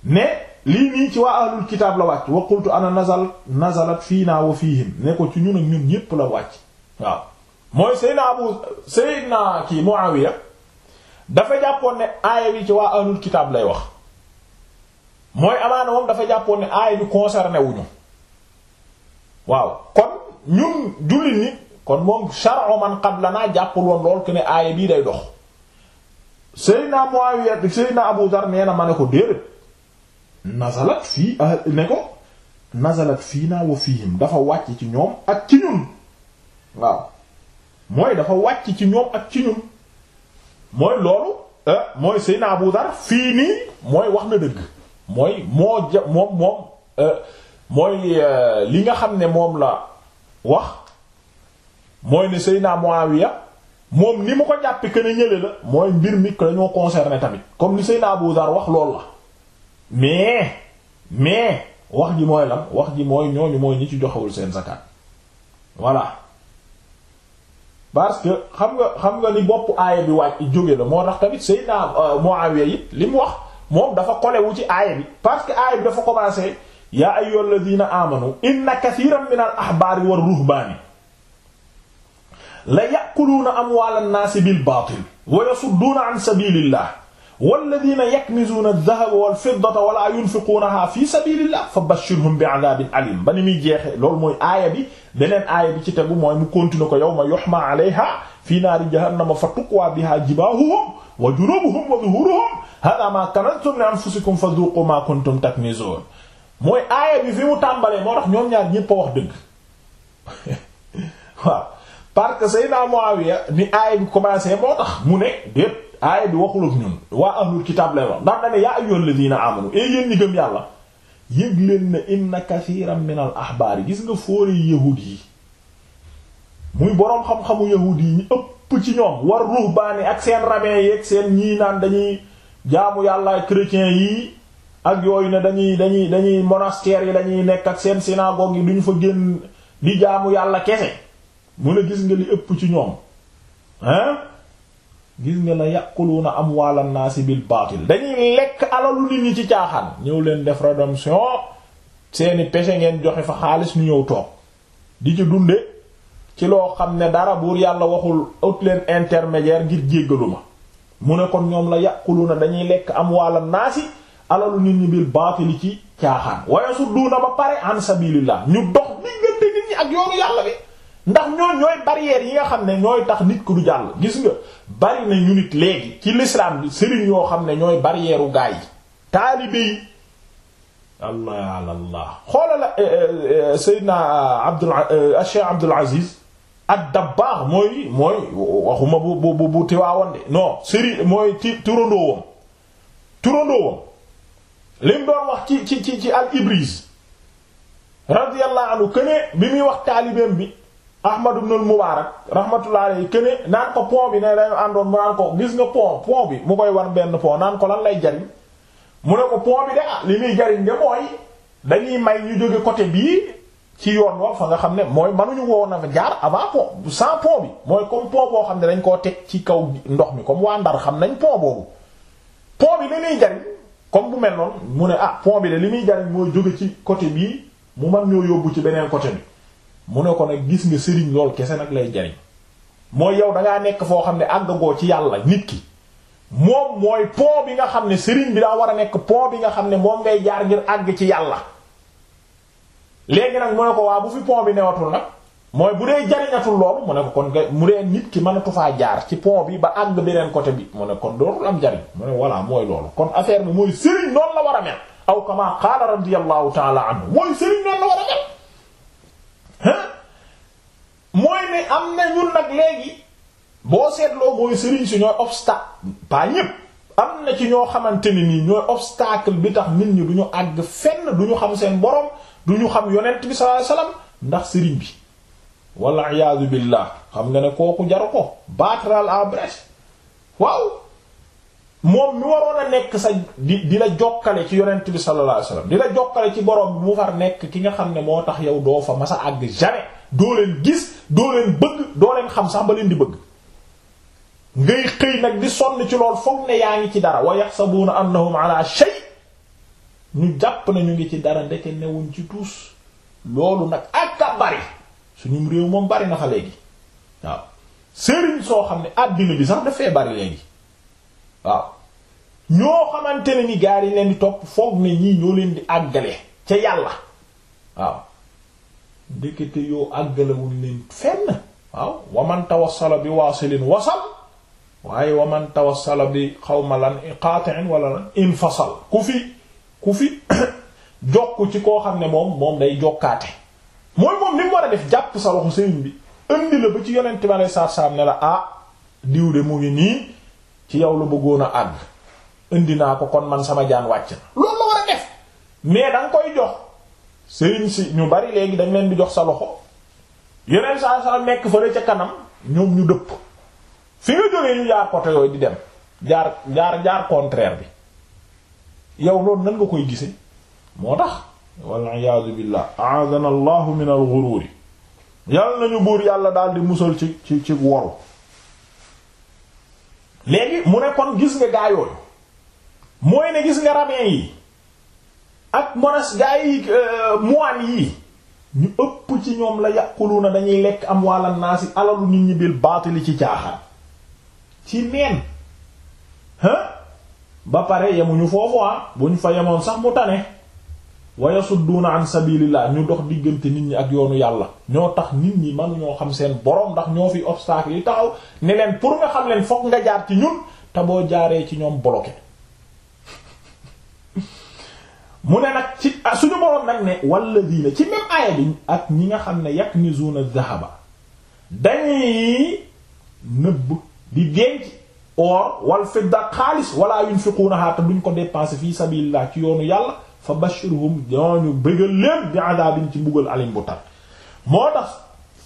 ne lii nii ci waa ahlul kitaab la wàcc wa qultu ana fii naa ci ñun ak ñun ñépp la wàcc waaw mooy Seydina Abu Seydina kii Muawiya dafa jàppoon ne aaya bi ci waa ahlul kitaab lay wax mooy amaana moom dafa jàppoon ne aaya bi concerné wuñu waaw kon ñun jullit ni kon moom shar'u man qablanaa jàppul woon lool que ne aaya bii day dox Seydina Muawiya Seydina Abu Dar nee na ma ne ko déedéet nazalat fii ah, ne ko nazalat fii naa wa fihim dafa wàcc ci ñoom ak ci ñun waaw mooy dafa wàcc ci ñoom ak ci ñun mooy loolu eh, mooy Seydina Abu Dar fii nii mooy wax na dëgg mooy moo ja moom moom eh, mooy eh, li nga xam ne moom la wax mooy ne Seydina Muawiya moom ni mu ko jàppe que ne ñële la mooy mbir mi ko dañoo concerné tamit comme ni Seydina Abu Dar wax lool la mais mais wax ji mooy la wax ji mooy ñooñu mooy ñi ci joxewul seen zakat voilà parce que xam nga xam nga ni bopp aaya bi waaj jóge la moo tax tamit Seydina euh, Muawiya it li mu wax moom dafa kolewu ci aaya bi parce que aaya bi dafa commencé yaa ayyuhal ladina amanu inna kathiran min al ahbaari war ruhbaani la ya'kuluna amwalan naasi bil baatil wa yasudduuna an sabilillah walladina yaknizuuna ad-dahaba wal-fiddata wa laa yunfiquunahaa fi sabiilillah fabashshirhum bi'adaabin aliim ba ni muy jeexee loolu mooy aaya bi beneen aaya bi ci tegu mooy mu continuer ko yawma yuhmaa alayhaa fii naari jahannama fatukwaa bihaa jibaahuhum wa junuubuhum wa zuhuuruhum haadaa maa kanaztum li anfusikum fadhuuquu maa kuntum taknizuun mooy aaya bi fi mu tàmbalee moo tax ñoom ñaar ñépp a wax dëgg *laughs* waaw parce que Seydina Muawiya ni aaya bi commencé moo tax mu ne déet aaya bi waxul ak ñun waa ahlul kitaab lay wax ndax dane yaa ayyuhal ladina amanu e eh, yéen ñi gëm yàlla yëg leen ne inna kathiran min al yi gis nga fóore yahud yi muy boroom xam-xamu yahud yi ñu ëpp ci ñoom war ruhbaani ak seen rabbin yi ak seen ñii naan dañuy jaamu yàlla chrétiens yi ak yooyu ne dañuy dañuy dañuy monastères yi lañuy nekk ak seen synagogue yi duñu fa génn di jaamu yàlla kese mu ne gis nga li ëpp ci ñoom hein gis nga la yàquluuna amwaala naasi bil baatil dañuy lekk alalu nit ñi ci caaxaan ñëw leen def rédemption seeni péché ngeen joxe fa xaalis ñu ñëw toog di ci dunde ci loo xam ne dara buur yàlla waxul ut leen intermédiaire ngir jéggalu ma mu ne kon ñoom la na dañuy lekk amwaala naasi alalu nit ñi bil baatil ci caaxaan wayasudduuna ba pare an sabilillah ñu dox diggante nit ñi ak yoonu yàlla bi ndax ñoon ñooy barrières yi nga xam ne ñooy tax nit ku du jàll gis nga bari na ñu nit léegi ci l'islam bi sëriñ yoo xam ne ñooy barrière u gaa yi taalibe yi allah allah xoolal eh, eh, eh, Seydina Abdul Cheikh Abdul Aziz ad-Dabbaax mooy mooy waxuma bu bu bu tiwaawoon de sëriñ mooy ti turandoowam turandoowam li mu doon wax ci ci ci ci al Ibriz radiyallahu anhu këne bi muy wax taalibeem bi Ahmad ibn al-Mubarak rahmatullah alayhi kene naan ko po bi ne dañu àndoon mu naan ko gis nga pont pont bi mu koy war benn pont naan ko lan lay jariñ mu ne ko pont bi de ah li muy jariñ de mooy jóge côté bii ci yoon wa nga xam ne mooy mënuñu woon a jaar avant pont bi mooy comme boo xam ne dañ koo teg ci kaw ndox mi comme waa Ndar xam nañ pont boobu pont bi li muy jariñ comme bu mel noonu mu ne ah pont bi de li muy jariñ mooy jóge ci côté bii mu mën ñoo yóbbu ci beneen côté bi mu ne ko nag gis nga sëriñ lool kese nag lay jariñ mooy yow da nekk foo xam ne àggagoo ci yàlla nit ki moom mooy pont bi nga xam ne sëriñ bi daa war a nekk pont bi nga xam ne moom ngay jaar ngir àgg ci yàlla léegi nag mu ne ko fi pont bi newatul nag mooy bu dee jariñatul loolu mu ne ko kon mu dee nit ki mënatu faa jaar ci pont bi ba àgg beneen côté bi mu ne kon dootul am jariñ mu ne voilà mooy loolu kon affaire bi mooy sëriñ noonu la war a mel aw kama qaala radiyallahu ta'ala anhu mooy sëriñ noonu la war a mel mooy ne am na ñun nag léegi boo seetloo mooy sëriñ si ñooy obstacle pas ñépp am na ci ñoo xamante ni nii ñooy obstacle bi tax nit ñi du ñu àgg fenn du ñu xam seen borom du ñu xam yonent bi sallallahu alayhi ndax sëriñ bi walla iyaazu billah xam nga ne kooku jaru ko batral à brèche waaw moom mi waroon a nekk sa di di la jokkale ci yonent bi sallallahu di la jokkale ci borom bi mu far nekk ki nga xam ne moo tax yow doo fa masa àgg jamais doo leen gis doo leen xam sax ba leen di bëgg ngay xëy nag di sonn ci lool foog yaa ngi ci dara wa yaxsabuuna annahum ala shay ñu jàpp na ñu ngi ci dara ndeke ci tuus loolu nag ak a bari suñu réew moom bari na fa léegi waaw soo xam ne àddina bi sax dafee bari léegi waaw ñoo xamante ne ni gaar yi leen di topp foog ne ñii ñoo leen di àggale ca yàlla waaw ndekete yoo àggalewuñ leen fenn waaw waman tawassala bi waasilin wasal waaye waman tawassala bi xawma lan qati'in wala lan infasal ku fi ku fi *coughs* jokk ci koo xam ne moom moom day jokkaate mooy moom ni mu war a def jàpp sa waxu sëriñ bi indi la ba ci yonent bi alei saatu salaam ne la ah diw de mu ngi nii ci yow la bëggoon a àgg indi naa ko kon man sama jaan wàcc na loolu la war def mais da koy jox sëriñ si ñu bari léegi dañ leen di jox sa loxo yeneen saa saa nekk fële ca kanam ñoom ñu dëpp fi nga jógee ñu jaar côté yooyu di dem jaar jaar jaar contraire bi yow loolu nan nga koy gise moo tax na iyaadu billah aadana allahu min al ghururi yàlla nañu buur yàlla daal di musal ci ci ci woru léegi mu ne kon gis nga gaa mooy ne gis nga rabbin yi ak monas gaa yi euh, moine yi ñu ëpp ci ñoom la yàqulu na dañuy lekk am wàlla naasi alalu nit ñi bil li ci caaxaan ci neen ha ba pare yemuñu foofu ah, bu ñu fa yemoon sax mu tane wa yasudduuna an sabilillah ñu dox diggante nit ñi ak yoonu yàlla ñoo tax nit ñi man ñoo xam seen boroom ndax ñoo fi obstacle yi taxaw ne leen pour nga xam leen fokk nga jaar ci ñun te boo jaaree ci ñoom bloqué mu ne nag ci ah, suñu boroom nag ne walladina ci même aaya bi ak ñi nga xam ne yaknizuuna dhahaba dañuy nëbb di denc or wal fidda xaalis wala yunfiquunaha te duñ ko dépenser fii sabilillah ci yoonu yàlla fa bashirhum ñooñu bëggal leen bi adaabin ci mbugal alim bu tar moo tax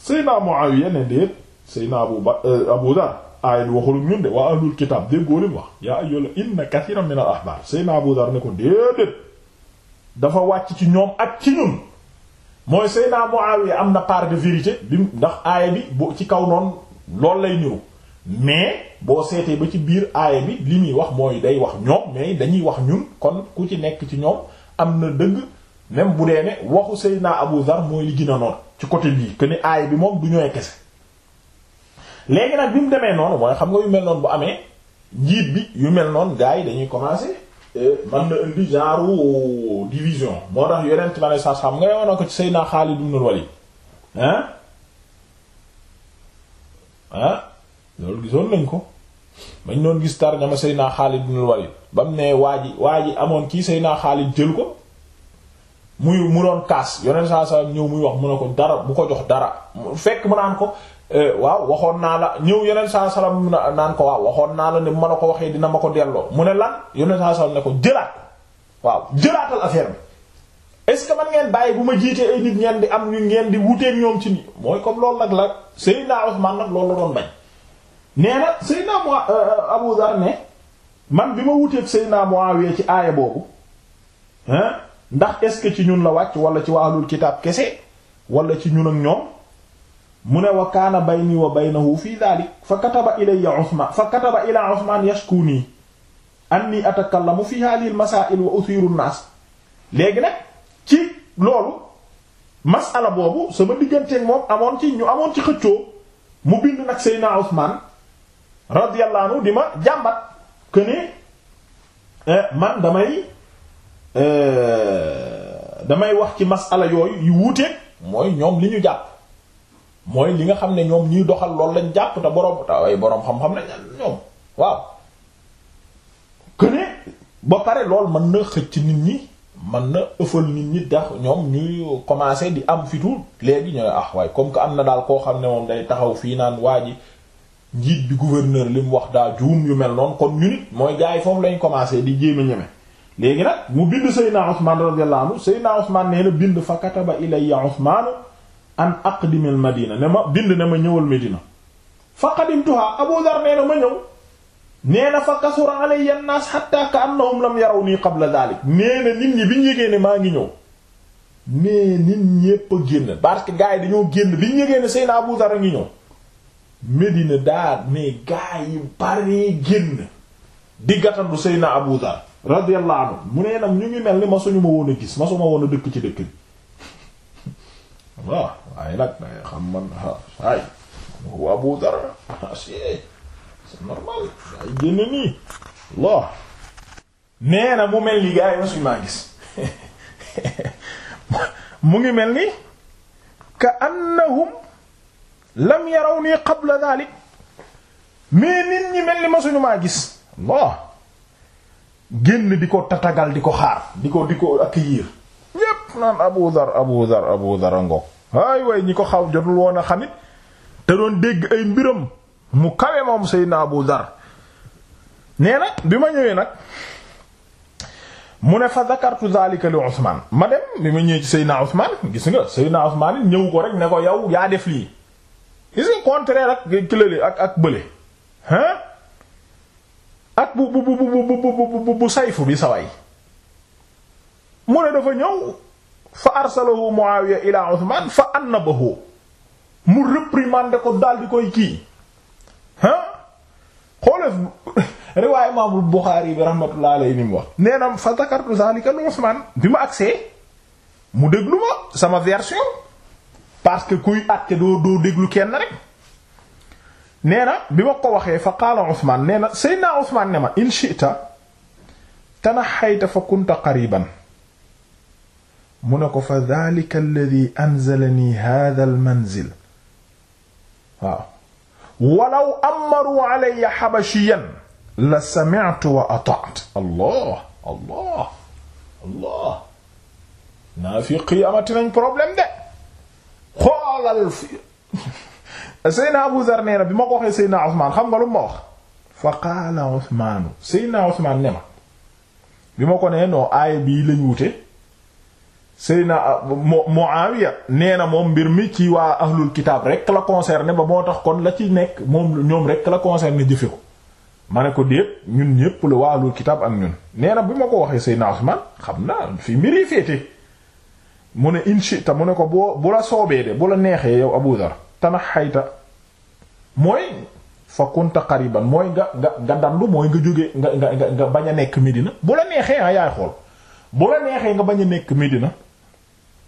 Seydina Muawiya ne déet Seydina Abu Ba euh, Abu Dar aayat bi waxul ñun de waa ahlul kitaab déggoo leen wax yaa ayyul inna kathiran min al ahbar Seydina Abu Dar ne ko déedéet dafa wàcc ci ñoom ak ci ñun mooy Seydina Muawiya am na part de vérité bi ndax aaya bi bu ci kaw noonu loolu lay niru mais boo seetee ba ci biir aaya bi li ñuy wax mooy day wax ñoom mais dañuy wax ñun kon ku ci nekk ci ñoom am na dëgg même bu dee ne waxu Seydina Abu Zar mooy li gën a noon ci côté bii que ni aay bi moom du ñooy kese léegi nag bi mu demee noonu mooy xam nga yu mel noonu bu amee jiit bi yu mel noonu gars dañuy commencé euh, man na indi genre division moo tax yonent ma ne sax xam nga yow na ko ci Seydina Xaalid ibn Walid ah ah loolu gisoon nañ ko. bañ doon gis na tarjama naa Xaalid ibn Walid ba mu ne waa ji waa ji amoon kii naa Xaalid jël ko muy mu doon kaas yoneen saa saa ñëw muy wax mu ne ko dara bu ko jox dara fekk mu naan ko eh, waaw waxoon naa la ñëw yeneen saa salaam naan ko waaw waxoon naa la ne bu ma la ko waxee dina ma ko delloo mu ne lan yeneen saa salaam ne ko jëlaat waaw jëlaatal affaire bi est-ce que man ngeen bàyyi bu ma jiitee ay nit ngeen di am ñu ngeen di wuteeg ñoom ci mooy comme loolu nag la Seydina Usmaan nag doon bañ. nee na Seydina Mu euh, euh, Abu Dhar ne man bi ma wuteeg Seydina Muawiya ci aaya boobu hein ndax est ci ñun la wàcc wala ci waa ahlul kitaab kese wala ci ñun ak ñoom mu ne wa kaana bayni wa baynahu fi dhalik fa kataba ilayya Usmaan fa kataba ila Usmaan yashkuni anni atakallamu fi hadhihi al masaa'il wa uthiru naas léegi nag ci loolu masala boobu sama digganteeg moom amoon ci ñu amoon ci xëccoo mu bind nag Seydina Usmaan radiyallahu anhu di ma jàmbat que ne eh, man damay eh, damay wax ci masala yooyu yu wuuteeg mooy ñoom li ñu jàpp mooy li nga xam ne ñoom ñuy doxal loolu lañ jàpp te boroom ta ay boroom xam-xam lañ ñoom waaw que ba pare lool mën na xëcc nit ñi mën na ëffal nit ñi tax ñoom ñuy commencer di am fitu léegi ñoo ah waaye comme que am na daal koo xam ne moom day taxaw fii naan waa ji njiit bi gouverneur li mu wax daa juum yu mel noonu kon ñu nit mooy gars yi foofu lañ commencé di jéem a ñeme léegi nag mu bind Seydina Ousmane radiyallahu anhu Seydina Ousmane nee na bind fa kataba ilayya Ousmane an aqdimil Madina ne ma bind ne ma ñëwal Medina fa qadimtuha Abu Dhar nee na ma ñëw nee na fa kasura alayya an-nas hatta ka'annahum lam yarawni qabla dhalik nee na nit ñi bi ñu yégee ne maa ngi ñëw mais nit ñépp a génn parce que gars yi dañoo génn bi ñu yégee ne Seydina Abu Dhar ñëw Medina daar mais gaa yi baree génn di gàttandu Seyna Abu Dhar radiyallahu anhu mu nee nag ñu ngi mel ni ma suñu ma woon a gis ma su ma woon a dëkk ci dëkk bi waaw waaye ah, ah, nii loo nee mu mel ni gaa yi ma suñu maa gis *laughs* mu ngi mel ni ka annahum lam yaraw nii qabla dalik mais nit ñi mel ni ma suñu maa gis Allah génn di ko tatagal di ko xaar di ko di ko accueillir ñépp naan Abu Dhar Abu Dhar Abu Dhar ngoog ñi ko xaw jotul woon a xamit te doon dégg ay mbiram mu kawe moom Seydina Abu Dhar nee na bi ma ñëwee nag mu ne fa zakartu zalika li Usman ma dem bi ma ñëwee ci Seydina Usman gis nga Seydina Usman ñëw ko rek ne ko yow yaa def lii gis nga contraire ak këlële ak ak bële hein ak bu bu bu bu bu sayfu bi saway mu ne dafa ñëw fa mu Muawiya ila Uthman fa annabahu mu réprimander ko daal di koy kii hein xoolef *laughs* riwaay imaamul Buxaari bi rahmatullahi alayhi ni mu wax nee na fa zakartu zalika li Uthman bi ma agsee mu déglu ma sama version parce que kuy àtte doo doo déglu kenn rek nee na bi ma ko waxee fa qaala Usmaan nee na Seydina Usmaan ne ma in shi'ta tanaxayta fa kunta qariban mu ne ko fa dhalika alladhi anzalani hadha almanzil waaw walaw amaru alayya habashiyan la sami'tu wa ata'tu allah allah allah naafiqi amati nañ problème de xoolal fi Seyna Abu Zar nee bi ma ko waxee Seyna Ousmane xam nga lu ma wax fa qaala ma bi ma ko nee non aaya bii lañ wute Seyna Muawiya nee na moom mbir mi ci waa ahlul kitaab rek la concerné ba moo tax kon la ci nekk moom ñoom rek la concerné jëfe ko ma ne ko déet ñun ñépp la waa ahlul kitaab ak ñun nee bi ma ko waxee Seyna Ousmane xam naa fi mbir mu ne inchita mu ne ko boo bu la soobee de bu la neexee yow Abu tanax tanaxayta mooy fa kunta qariban mooy nga nga nga dandu mooy nga jógee nga nga nga bañ a nekk Medina bu la neexee ah yaay xool bu la nga bañ a nekk Medina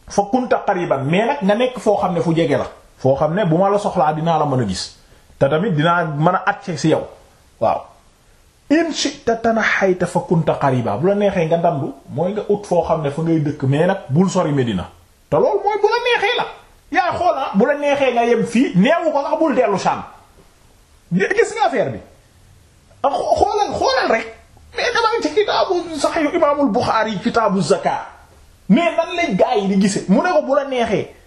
fa kunta qariban mais nag nga nekk foo xam ne fu jege la foo xam ne bu ma la soxlaa dinaa la mën a gis te tamit dinaa mën a àcce ci yow waaw in shi'ta tanaxayta fa kunta qariba bu la neexee nga dandu mooy nga ut foo xam ne fa ngay dëkk mais nag bul sori Medina te loolu mooy bu la neexee la yaa xoola bu la neexee nga fii neewu ko sax dellu Sham bi ah, xoolal xoolal rek mu ne neexee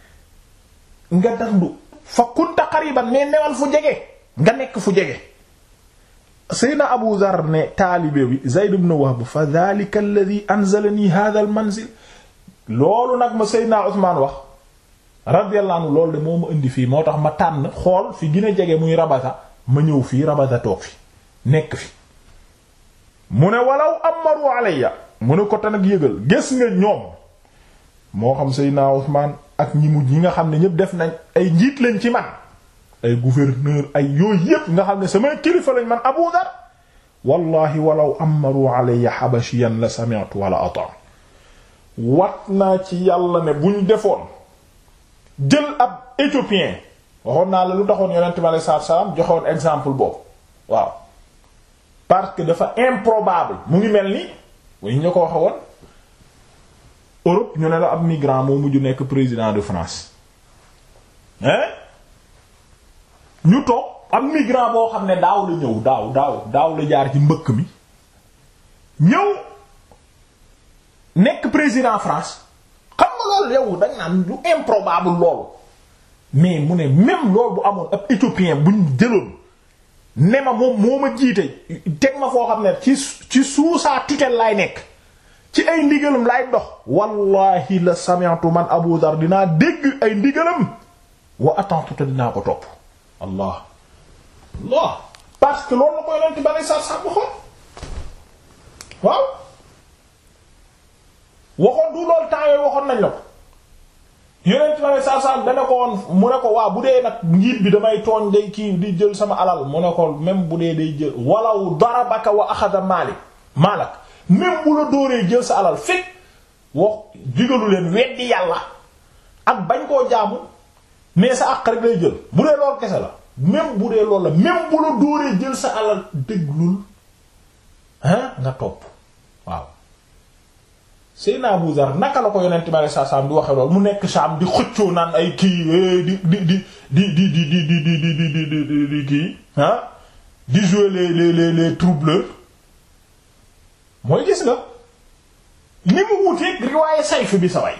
nga dandu fa kunta qariban mais newal fu jege nga nekk fu jege Seydina Abu Zar ne taalibe bi Zayd ibn Wahb fa dhalika alladhi anzalani hadha al manzil loolu nag ma Seydina Usmaan wax radiyallahu lool de moo ma indi fii moo tax ma tànn xool fi gën a jege muy Rabasa ma ñëw fii Rabasa toog fi nekk fi mu ne walaw amaru alayya mu ne ko te yëgal gis nga ñoom moo xam Seydina Usmaan ak ñi mujj yi nga xam ne ñépp def nañ ay njiit lañ ci man ay gouverneur ay yooyu yépp nga xam ne samay kilifa lañ man Abu Dar wallahi walaw amaru alayya xabashiyan la sami'tu wala ata wat naa ci yàlla ne ñu defoon jël ab éthiopien waxoon naa la lu taxoon yonent bi alei salaatu salaam joxoon exemple boobu waaw parce que dafa improbable mu ngi mel ni wañu ñu ko waxe woon Europe ñu ne la ab migrant moo mujj nekk président de France hein ñu toog am migrant boo xam ne daaw la ñëw daaw daaw daaw la jaar ci mbëkk mi ñëw nekk président France xam nga loolu yow dañ naan lu improbable loolu mais mu ne même loolu bu amoon ab éthiopien buñ jëloon ne ma moom moo ma jiite teg ma foo xam ne ci ci sous sa laay nekk ci ay ndigalam laay dox wallahi la sami'tu man Abu Dhar dinaa dégg ay ndigalam wa attente dinaa ko topp allah allah parce que loolu la koy yonent ba ne saar waxoon waaw waxoon du loolu temps waxoon nañ la ko yonent ba ne saar saar dana ko woon mu ne ko waa bu dee nag njiit bi damay tooñ day kii di jël sama alal mu ne ko même bu dee day jël walaw darabaka wa axada maalik maalak même bu la dóoree jël sa alal fekk wax digalu leen weddi yàlla ak bañ koo jaamu mais sa àq rek lay jël bu dee lool kese la même bu dee lool la même bu la dóoree jël sa alal déglul ah nga topp waaw Seydina Abu Zar naka la ko yonent bi saa saa di waxee lool mu nekk saam di xëccoo naan ay kii di di di di di di di di di di di di kii ah di jouer les les les les troubleurs mooy gis nga ni mu wuteeg riwaaye sayf bi sa way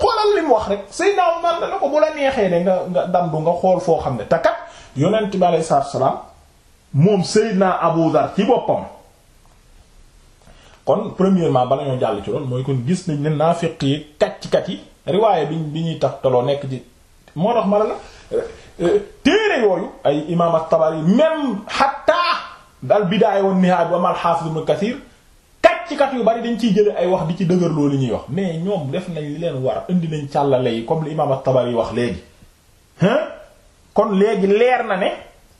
xoolal li mu wax rek Seydina Omar na ko bu la neexee ne nga nga dandu nga xool foo xam ne te kat yonent bi aleyhi salaatu wa salaam moom Seydina Abu Dar ci boppam. kon premièrement bala ñoo jàll ci loolu mooy kon gis nañ ne naafiq yi kàcc-kàcc yi riwaaye bi bi ñuy tax toloo nekk ci moo tax ma la la euh, euh, téere yooyu ay imaam at-Tabari même hatta al-Bidaaya wan-Nihaaya bu amal Haafiz Kathir kàcckat yu bari dañ ciy jële ay wax di ci dëgër loolu ñuy wax mais ñoom def nañ li leen war indi nañ càllale yi comme li imaam at-Tabari wax léegi hein kon léegi leer na ne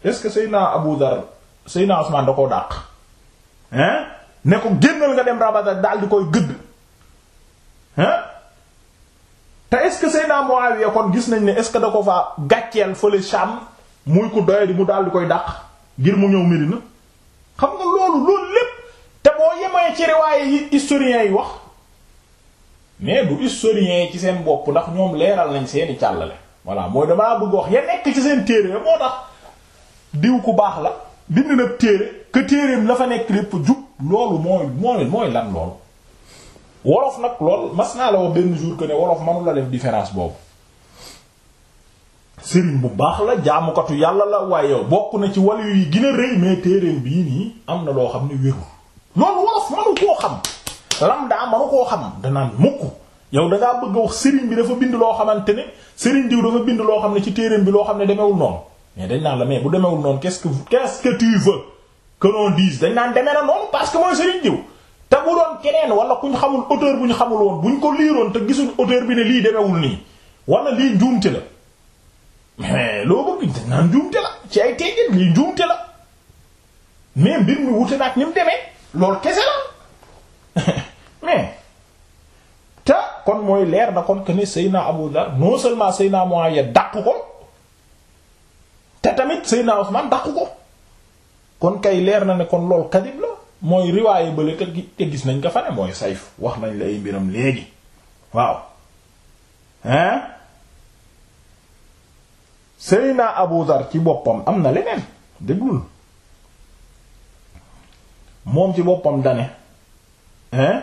est-ce que Seydina Abu Dar Seydina Usman da koo dàq hein ne ko génnal nga dem Rabada daal di koy gëdd te est-ce que Seydina kon gis nañ ne est-ce que da ko fa gàcceel fële Sham muy ko doye mu daal di koy dàq ngir mu ñëw Medina xam nga loolu loolu lépp moins cere riwaaye yi historiens yi wax mais du historiens yi ci seen bopp ndax ñoom leeral nañ seeni càllale voilà mooy damaa bëgg wax ya nekk ci seen téere moo tax diw ku baax la bind nag téere que téereem la fa nekk lépp jub loolu mooy mooy lan loolu wolof nag lool mas naa la wax benn jour que ne wolof mënu la def différence boobu sëriñ bu baax la jaamukatu yàlla la waaye bokk na ci wàllu yi gën rëy mais téereem bii nii am na loo xam ne wérul loolu wolof manu koo xam lamdaa manu koo xam danaan mukk yow dangaa bëgg wax sëriñ bi dafa bind loo xamante ne sëriñ diw dafa bind loo xam ne ci téereem bi loo xam ne demewul noonu mais dañ naan la mais bu demewul noonu qu'est-ce que qu'est-ce que tu veux que l'on dise dañ naan demee na noonu parce que mooy sëriñ diw te bu doon keneen wala kuñ xamul auteur bu ñu xamul woon buñ ko liiroon te gisuñ auteur bi ne lii demewul nii wala lii njuumte la mais loo bëgg dañ naan njuumte la ci ay teggin lii njuumte la mais loolu kese la *laughs* mais te kon mooy leer na kon que ne Seyna Abu Dar non seulement Seyna Muawiya dàq ko te tamit Seyna Usman dàq ko kon kay leer na ne kon loolu kadib la mooy riwaaye bële te gis nañ nga fa ne mooy sayf wax nañ la ay mbiram léegi waaw hein Seyna Abu Dar ci boppam am na leneen déglul moom ci boppam dane hein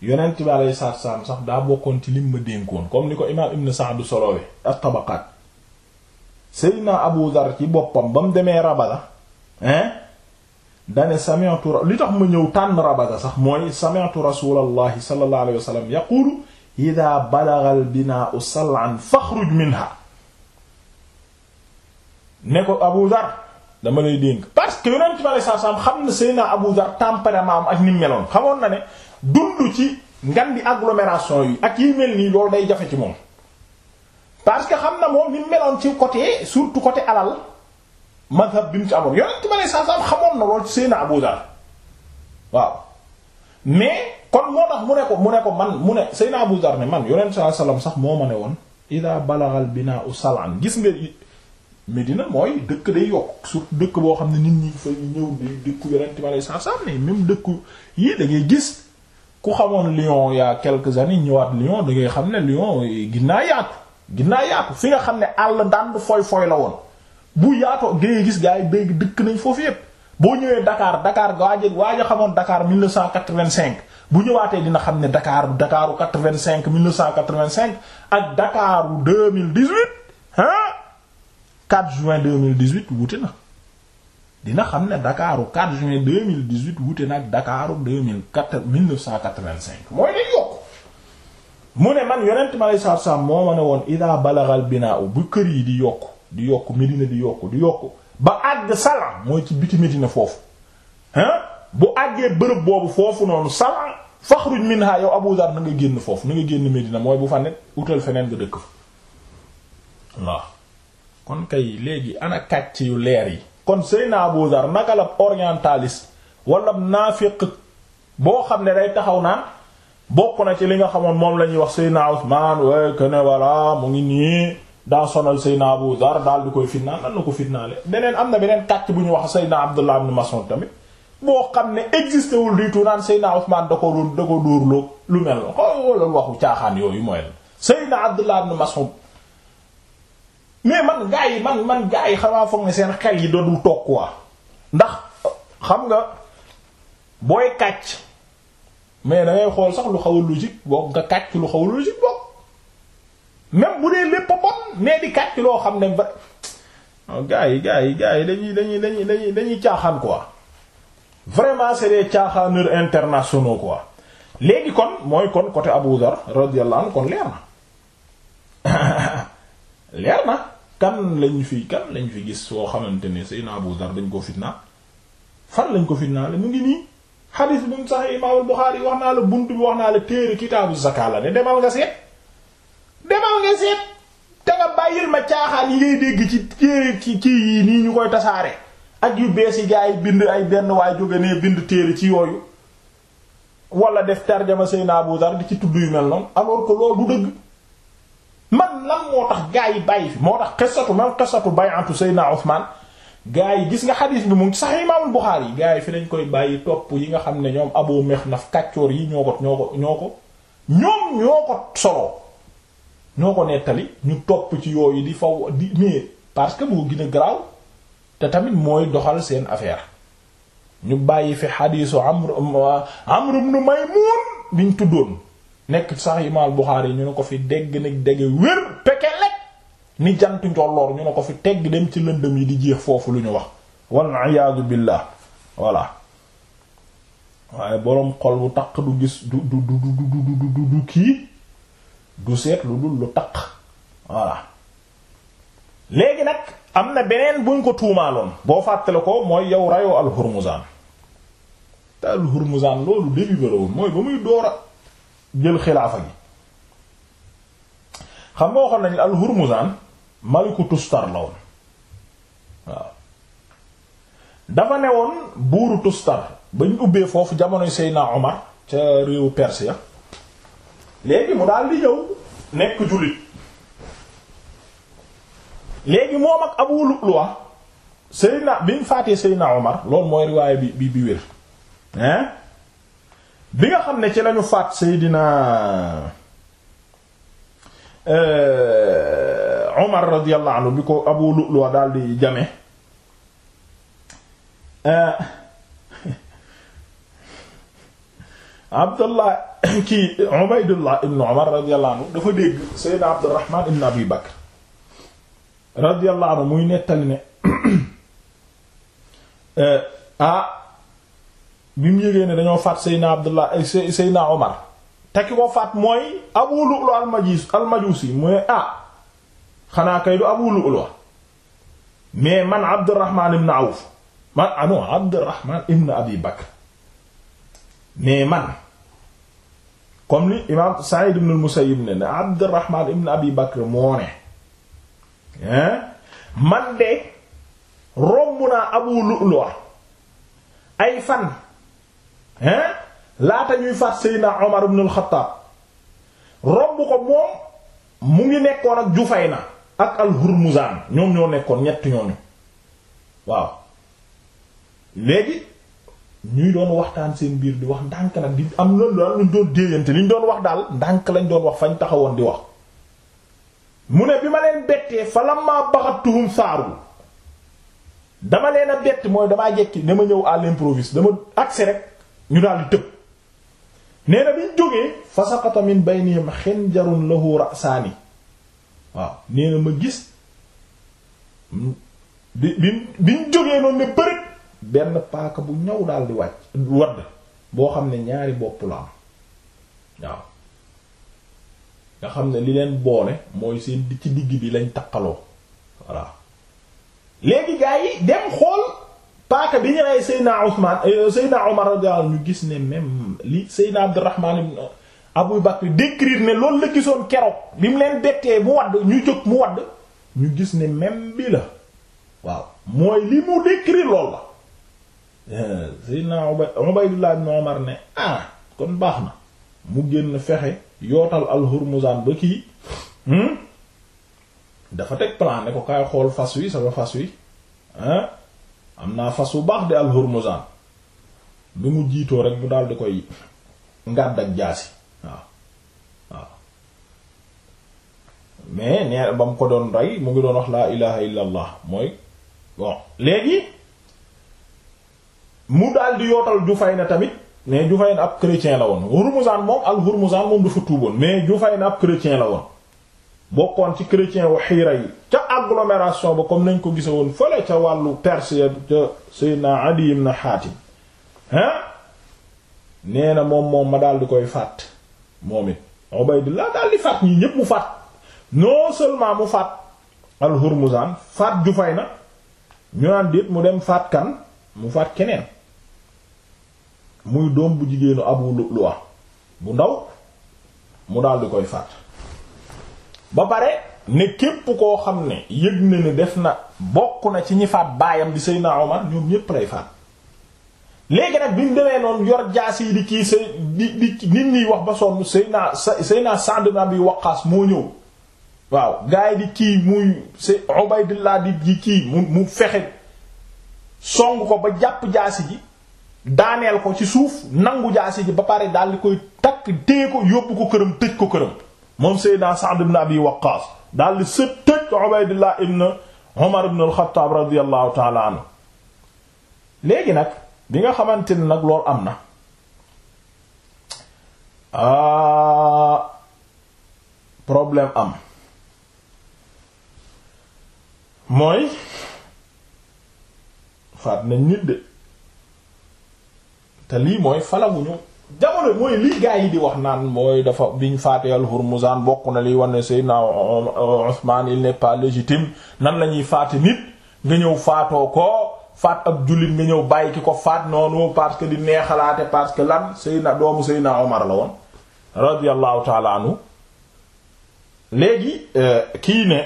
yonent bi alayhi salaatu salaam sax daa bokkoon ci lim ma dénkoon comme ni ko imaam ibn Sa'd solowe at-Tabaqaat Seydina Abu Dhar ci boppam ba mu demee Rabada hein dane sami'tu li tax ma ñëw tànn Rabada sax mooy sami'tu rasulallahi sallallahu alayhi wa sallam yaqulu ida balagha al-binaa'u sal'an fakhruj minha ne ko Abu dama lay dénk parce que yonent bi saa salaam xam na Seydina Abu Dar tempérament am ak ni mu meloon xamoon na ne dund ci ngan di agglomération yi ak yi mel nii loolu day jafe ci moom parce que xam na moom ni mu meloon ci côté surtout côté alal mazhab bi mu ci amoon yonent bi alayhi salaam xamoon na lool ci Seydina Abu Dar waaw mais kon moo tax mu ne ko mu ne ko man mu ne Seydina Abu Dar ne man yonent bi alayhi sax moo ma ne woon ida balagal bina'u salan gis nga Medina mooy dëkk day yokk surtout dëkk boo xam ne nit ñu fa ñëw di dëkku yonent bi alei sat salaam mais dëkk yii da gis ku xamoon Lyon yaa quelques années ñëwaat Lyon da ngay xam ne Lyon ginnaa yaatu ginnaa yaatu fi nga xam ne àll dand fooy fooy la woon bu yaatoo géyee gis gaa yi dégg dëkk nañ foofu yëpp boo ñëwee Dakar Dakar waaja waaja xamoon mil Dakar 1985 bu ñëwaatee dina xam ne Dakar Dakaru 85 1985 ak Dakaru 2018 hein 4 juin 2018 wuute na dina xam ne Dakaaru 4 juin 2018 na ak Dakaaru 2004 1985 mooy dañ yokk mu ne man yonent ma lay saab moo ma ne woon ida balagal binaaw bu kër yi di yokk di yokk Medina di yokk di yokk ba àgg salaan mooy ci biti Medina foofu hein bu àggee bërëb boobu foofu noonu salaan faxruj minha yow Abu Dhar na nga génn foofu na nga génn Medina mooy bu fa nekk utal feneen nga dëkk fa kon kay léegi ana kàcc yu leer yi kon Seyna naa Zar naka la orientaliste wala naafiq boo xam ne day taxaw naan bokk na ci li nga xamoon moom la ñuy wax Seyna Usmaan waaye que mu ngi nii daa sonal Seyna Abu Zar daal di koy fitnaan lan la ko fitnaale beneen am na beneen kàcc bu ñu wax Seyna Abdullah ibn Mas'ud tamit boo xam ne existé wul du tout naan Seyna Usmaan da ko lu waxu caaxaan yooyu mooy la Seyna Abdullah ibn Mas'ud mais man gars yi man man gars yi xamaa foog ne seen xel yi dootul toog quoi ndax xam nga booy kàcc mais da ngay xool sax lu xaw a logique bokk nga kàcc lu xaw a logique bokk même bu dee lépp a bon mais di kàcc loo xam ne ba gars yi gars yi gars yi dañuy dañuy dañuy dañuy dañuy caaxaan quoi vraiment c'est des caaxaaneurs internationaux quoi léegi kon mooy kon côté Abu Dhar radiyallahu anhu kon leer na *laughs* leer na kan lañ fi kan lañ fi gis soo xamante ne Seydina bu Dar dañ ko fitna fan lañ ko fitna la mu ngi nii xadis bi mu sax Imaamul Buxaari wax naa la bunt bi wax naa la téere kitaabu zakat la ne demal nga seet demal nga seet te nga bàyyil ma caaxaan yi ngay dégg ci téere ci kii yii nii ñu koy tasaare ak yu bees yi gaa yi bind ay benn waay jóge ne bind téere ci yooyu wala def tarjama Seydina Abu Dar di ci tudd yu mel noonu alors que loolu du dëgg man lan moo tax gaa yi bàyyi fi moo tax xesatu même xesatu bay'atu Seydina Ousmane gaa yi gis nga xadiis bi mu ngi sax Imaamul Buxaari yi gaa yi fi nañ koy bàyyi topp yi nga xam ne ñoom meex Abu Mixnaf kàccoor yi ñoo ko ñoo ko ñoo ko ñoom ñoo ko solo ñoo ko nettali ñu topp ci yooyu di faw di mais parce que moo gën a garaaw te tamit mooy doxal seen affaire ñu bàyyi fi xadiisu Amr Amr ibn Maymun biñ tuddoon nekk sax imaal Buxaari ñu ne ko fi dégg nag dégg wér pekelek ni jant njolloor ñu ne ko fi tegg dem ci lëndëm yi di jeex foofu lu ñu wax wal iyaadu billah voilà waaye boroom xol bu taq du gis du du du du du du kii du seet lu dul lu taq voilà léegi nag am na beneen buñ ko tuumaaloon boo fàttale ko mooy yow rayoo al hurmuzaan te al hurmuzaan loolu début ba la woon mooy ba muy doora jël xilaafa gi xam nga waxoon nañ al Hurmuzan maliku Tustar la woon waaw dafa ne woon buuru Tustar bañ ubbee foofu jamonoy Seyna Omar ca réewu Perse ya léegi mu daal di ñëw nekk jullit léegi moom ak Abu Lu'lu'a Seyna bi mu faatee Seyna Omar loolu mooy riwaaya bi bi bi wér hein bi nga xam ne ci lañu faat seydina Umar euh, radiyallahu anhu bi ko Abu Lu'lu'a daal di jame euh, *laughs* Abdullah *coughs* kii Ubaydullah ibn Umar radiyallahu anhu dafa dégg seydina Abdurrahman ibn Abi Bakr radiyallahu anhu muy nettali ne *coughs* euh, ah bi mu yëgee ne dañoo faat Seydina Abdullah eh, Seydina Omar te ki ko faat mooy Abu Lu'lu al-Majus al mu ne ah xanaa kay du Abu Lu'lu mais man Abdurrahman ibn Awf man ah non Abdurrahman ibn Abi Bakr mais man comme li imaam Sa'id ibn al ne ne Abdurrahman ibn Abi Bakr moo ne hein man de romb naa Abu Lu'lu ay fan. hein laata ñuy faat Seydina Omar ibn al-Khattab ko moom mu ngi nekkoon ak na ak al ñoom ñoo nekkoon ñett ñooñu waaw léegi ñuy doon waxtaan seen biir di wax ndànk nag di am loolu daal luñ doon déeyante liñ doon wax daal ndànk lañ doon wax fañ taxawoon di wax mu ne bi ma leen bettee fa lamma baxatuhum saaru dama leen a bett mooy damaa jekki dama ñëw à l'improviste dama agsi rek ñu daal di tëb nee na bi ñu jógee fa saqata min baynihim xinjarun lahu rasaani waaw nee ma gis bi bi ñu jógee noonu ne bëri benn paaka bu ñaw daal di wàcc wadd boo xam ne ñaari bopp la am waaw nga xam ne li leen boole mooy seen ci digg bi lañ takkaloo voilà léegi gaa yi dem xool paaka bi ñu rey Seydina Ousmane euh, Seydina Omar radiyallahu ñu gis ne même li Seydina Abdurrahman ibn Abu Bakr décrire ne loolu la gisoon keroog bi mu leen bettee mu wadd ñu jóg mu wadd ñu gis ne même bi la waaw mooy li mu décrire loolu la euh, Seydina Ubaydullah ibn Omar ne ah kon baax na mu génn fexe yootal al-Hurmuzan ba kii hmm? dafa teg plan ne ko kaay xool fas wi sama fas wi am naa fas bu baax di alhurmuzan bi mu jiitoo rek bu daal di koy ngàdd ak jaasi waaw waaw mais nee ba mu ko doon rey mu ngi doon wax laa ilaha illa allah mooy bon léegi mu daal di yootal na tamit mais Jufayna ab chrétien la woon Hurmuzan moom al Hurmuzan moom dafa tuuboon mais Jufayna ab chrétien la woon bokkoon ci chrétien wu xiira yi ca agglomération ba comme nañ ko gise woon fële ca wàllu Perse ca Seydina Adi ibn Hatim ah nee na moom moom ma daal di koy fàtt moom it Ubaydullah daal di fàtt ñi ñépp mu fàtt non seulement mu fàtt al-Hurmuzan fàtt Jufayna ñu naan déet mu dem fàtt kan mu fàtt keneen muy doom bu jigéenu Abu Lu'lu'a bu ndaw mu daal di koy fàtt ba pare ne képp koo xam ne yëg na ne def na bokk na ci ñi faat baayam di Seydina Omar ñoom ñépp lay faat léegi nag bi mu demee noonu yor jaas yi di kii say nit ñi wax ba sonn Seydina Seydina bi ibn moo ñëw waaw gars yi di kii muy se Ubaydullah di kii mu mu fexe song ko ba jàpp jaasi ji daaneel ko ci suuf nangu jaasi ji ba pare daal di koy takk dee ko yóbbu ko këram tëj ko këram moom Seydina Sa'd ibn Abi daal di sëtëj Ubaydullah ibn Umar ibn al-Khattab radiyallahu ta'ala léegi nag bi nga xamante ne nag loolu am na ah problème am mooy faat nañ nit te lii mooy falaguñu loolu mooy lii gaa yi di wax naan mooy dafa biñ faatee al bokk na liy wane Seydina Ousmane il n'est pas légitime nan la ñuy faate nit nga ñëw faatoo ko faat ab jullit nga ñëw bàyyi ki ko faat noonu parce que di neexalaate parce que lan Seydina doomu Seydina Omar la woon radiyallahu ta'ala anhu léegi euh, kii ne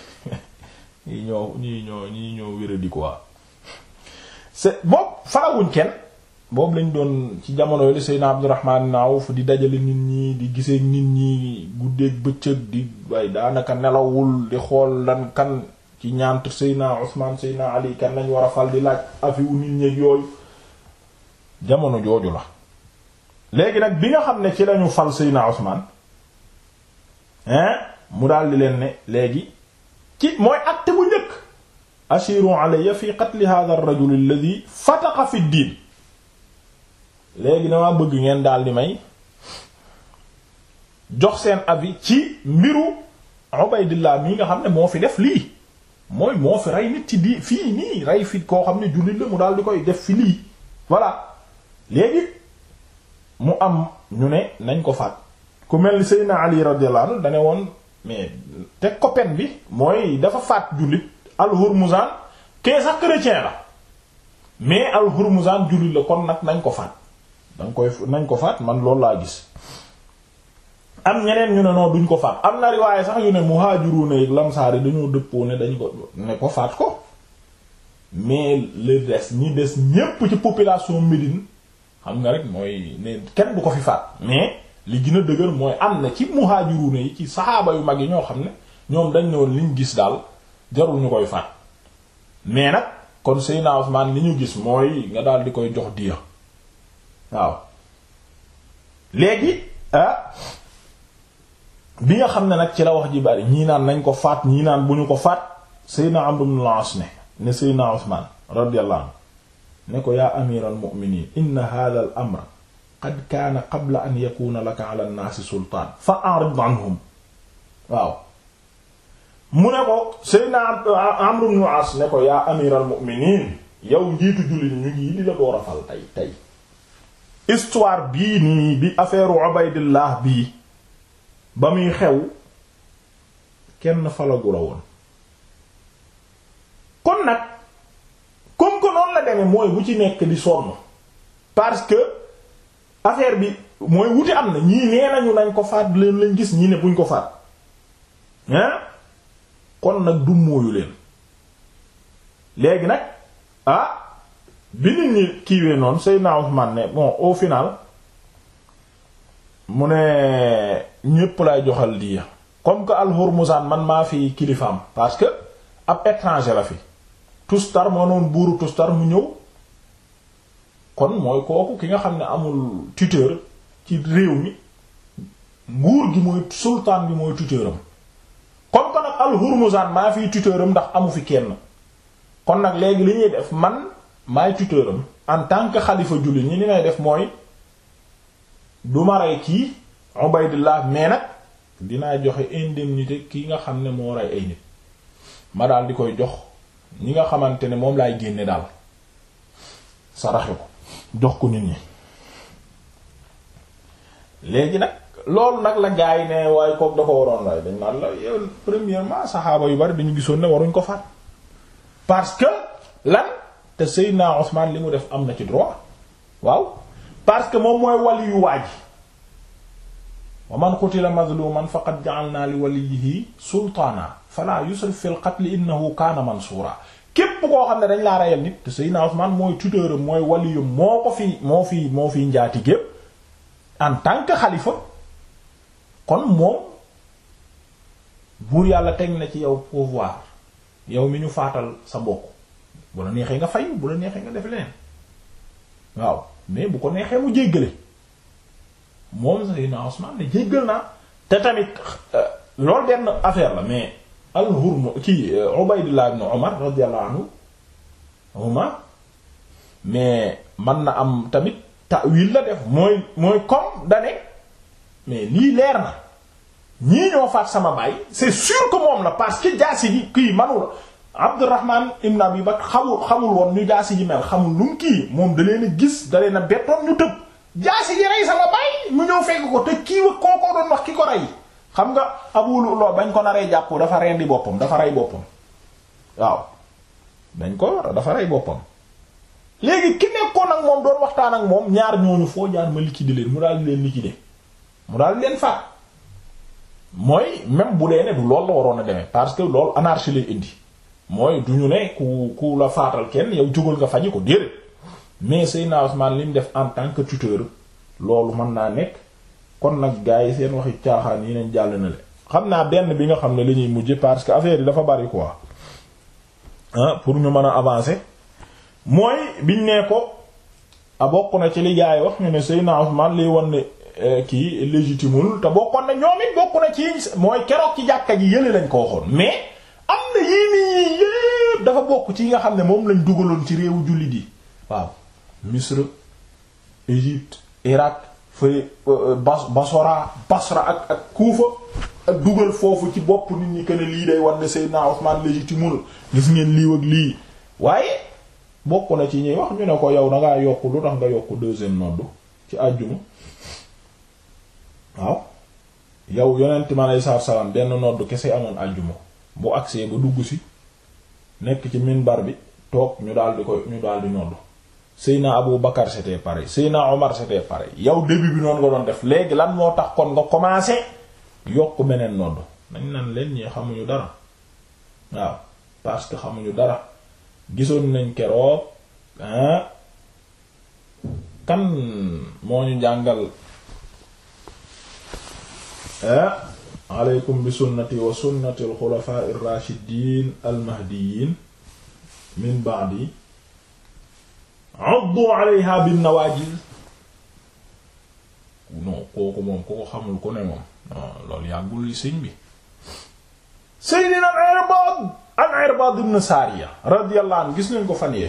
*laughs* ñii ñoo ñii ñoo ñii ñoo wéradi quoi c'est boobu lañu doon ci jamono yooyu Seydina Abdourahman naaw Awf di dajale nit ñi di gisee nit ñi guddeeg bëccëg di waaye daanaka nelawul di xool lan kan ci ñaant Seydina Ousmane Seydina Ali kan lañ war a fal di laaj afiwu nit ñi yooyu jamono jooju la léegi nag bi nga xam ne ci lañu fal Seydina Ousmane hein mu daal di leen ne léegi ci mooy acte bu njëkk ashiru alayya fi qatli hadha rajul alladhi fataqa fi ad léegi damaa bëgg ngeen daal di may jox seen abi ci mbiru Ubaydillah mii nga xam ne moo fi def lii mooy moo fi rey nit ci di fii nii rey fi koo xam ne jullit la mu daal di koy def fi lii voilà léegi mu am ñu ne nañ ko faat ku mel ni Seydina Ali radiyallahu dane woon mais teg ko bi mooy dafa faat jullit al-Hurmuzan kee sax chrétien la mais al-Hurmuzan jullit la kon nag nañ ko faat danga koy nañ ko faat man loolu laa gis am ñeneen ñu ne non duñ ko faat am na riwaaye sax yu ne muhaajiruuna yi lamsaar yi dañoo dëppoo ne dañ ko ne ko faat ko mais le des ñi des ñépp ci population Médine xam nga rek mooy ne ko fi faat mais li gën a dëgër mooy am na ci muhaajiruuna yi ci saxaaba yu mag yi ñoo xam ne ñoom dañ ne woon liñ gis daal jarul ñu koy faat mais nag kon Seydina Usmaan li ñu gis mooy nga daal di koy jox diya waaw léegi ah bi nga xam ne nag ci la wax ji bari ñii naan nañ ko faat ñii naan bu ñu ko faat Seydina Amr ibn al-As ne ne Seydina Usman radiyallahu anhu ne ko yaa amiral mu'minin inna hadha al amra qad kaana qabla an yakuna laka ala an-nas sultaan fa a'rid anhum waaw mu ne ko Seydina Amr ibn al-As ne ko yaa amiral mu'minin yow njiitu jullit ñu ngi di la ko rafal tey tey histoire bii nii bi affaire Ubaydillah bii ba muy xew kenn falagu la woon kon nag comme que noonu la demee mooy bu ci nekk di sonn parce que affaire bi mooy wuti am na ñii nee nañu nañ ko faat leen lañ gis ñii ne buñ ko faat hein kon nag du leen léegi nag ah, bi nit ñi kiiwee noonu Seydina Ousmane ne bon au final mu ne ñépp lay joxal diya comme que al-Hurmuzan man maa fi kilifaam parce que ab étranger la fi Tustar moo noonu buuru Tustar mu ñëw kon mooy kooku ki nga xam ne amul tuteur ci réew mi nguur gi mooy sultaan bi mooy tuteuram comme que nag al-Hurmuzan maa fi tuteuram ndax amu fi kenn kon nag léegi li ñuy def man maay tuteur am en tant que xalifa julli ñi ni may def mooy du ma rey kii Ubaydullah mais nag dinaa joxe indemnité kii nga xam ne moo rey ay nit di koy jox ñi nga xamante ne moom laay génne daal saraxe ko jox ko nit ñi léegi nag loolu nag la gaa yi ne waaye kook dafa waroon lay dañ naan la yow premièrement saxaaba yu bari dañu gisoon ne waruñ ko faat parce que lan te Seydina Ousmane li mu def am na ci droit waaw parce que moom mooy wali yu waaj wa man qutila mazluman faqad ja'alna li waliyihi sultaana fala yusrif fil qatli innahu kaana mansuura képp koo xam ne dañ laa reyal nit te Seydina Ousmane mooy tuteeram mooy waliyu moo ko fi moo fi moo fi njaati gépp en tant que xalifa kon moom buur yàlla teg na ci yow pouvoir yow mi ñu faatal sa mbokk bu la neexee nga fay bu la neexee nga def leneen waaw mais bu ko neexee mu jéggale moom Seydina Usman ne jéggal naa te tamit euh, loolu benn affaire la mais al-Hurmu ci euh, Ubaydullah ibn Umar radiyallahu anhu huma mais man na am tamit ta'wil la def mooy mooy comme dane mais lii leer na ñii ñoo faat sama baay c'est sûr que moom la parce que jaasi gi kii manu Abdurrahman ibn Abi Bakr xamul xamul woon ñu jaasi ji mel xamul lu mu kii moom da leen gis dalee na a bettoon ñu tëb jaasi ji rey sama baay mu ñëw fekk ko te kii wa kookoo doon wax ki ko rey xam nga Abu Lu'lu bañ ko naree jàpp dafa rendi boppam dafa rey boppam waaw dañ ko dafa rey boppam léegi ki nekkoon ak moom doon waxtaan ak moom ñaar ñooñu foo jaan ma liquider leen mu daal di leen liquider mu daal di leen faat mooy même bu dee ne du loolu la waroon a demee parce que loolu anarchie lay indi. mooy du ñu ne ku ku la faatal kenn yow jógal nga faji ko déedéet mais Seydina Usmaan li def en tant que tuteur loolu mën naa nekk kon nag gars yi seen waxi caaxaan yi ne jàll na le xam naa benn bi nga xam ne la ñuy mujj parce que affaire yi dafa bari quoi ah pour ñu mën a avancé mooy biñ nee ko a ah, bokk na ci li gars yi wax ñu ne Seydina Usmaan liy wan ne eh, kii légitimul te bokkoon na ñoom it bokk na ci mooy keroog ci jàkka ji yële lañ ko waxoon mais. am na yii nii yépp dafa bokk ci yi nga xam ne moom lañ dugaloon ci réewu jullit yi waaw Misr Égypte Irak fay euh, bas Basora Basra ak ak Kuufa ak dugal foofu ci bopp nit ñi que ne lii day war ne Seydina Ousmane légitime la gis ngeen lii ak lii waaye bokk na ci ñuy wax ñu ne ko yow da yokk lu tax nga yokk deuxième noddu ci àjjuma waaw yow yonent mi alayhi salaam benn noddu kese amoon àjjuma. bu agsee ba dugg si nekk ci minbar bi toog ñu daal di koy ñu daal di sëy naa Abu Bakar c'était pareil Seyna Omar c'était pareil yow début bi noonu nga doon def léegi lan moo tax kon nga commencé yokk beneen nodd nañ nan leen ñi xamuñu dara waaw parce que xamuñu dara gisoon nañ keroog ah kan moo ñu jàngal ah aleykum bi sunnati wa sunnati alxulafaa irrashidiin almahdiyiin min ba'di addu aleyha bin nawaajiz non kooku moom ku ko xamul ku ne moom loolu yàggul sëñ bi seydina al-Irbaad al-Irbaad ibn Saariya radiyallahu gis nañ ko fan yee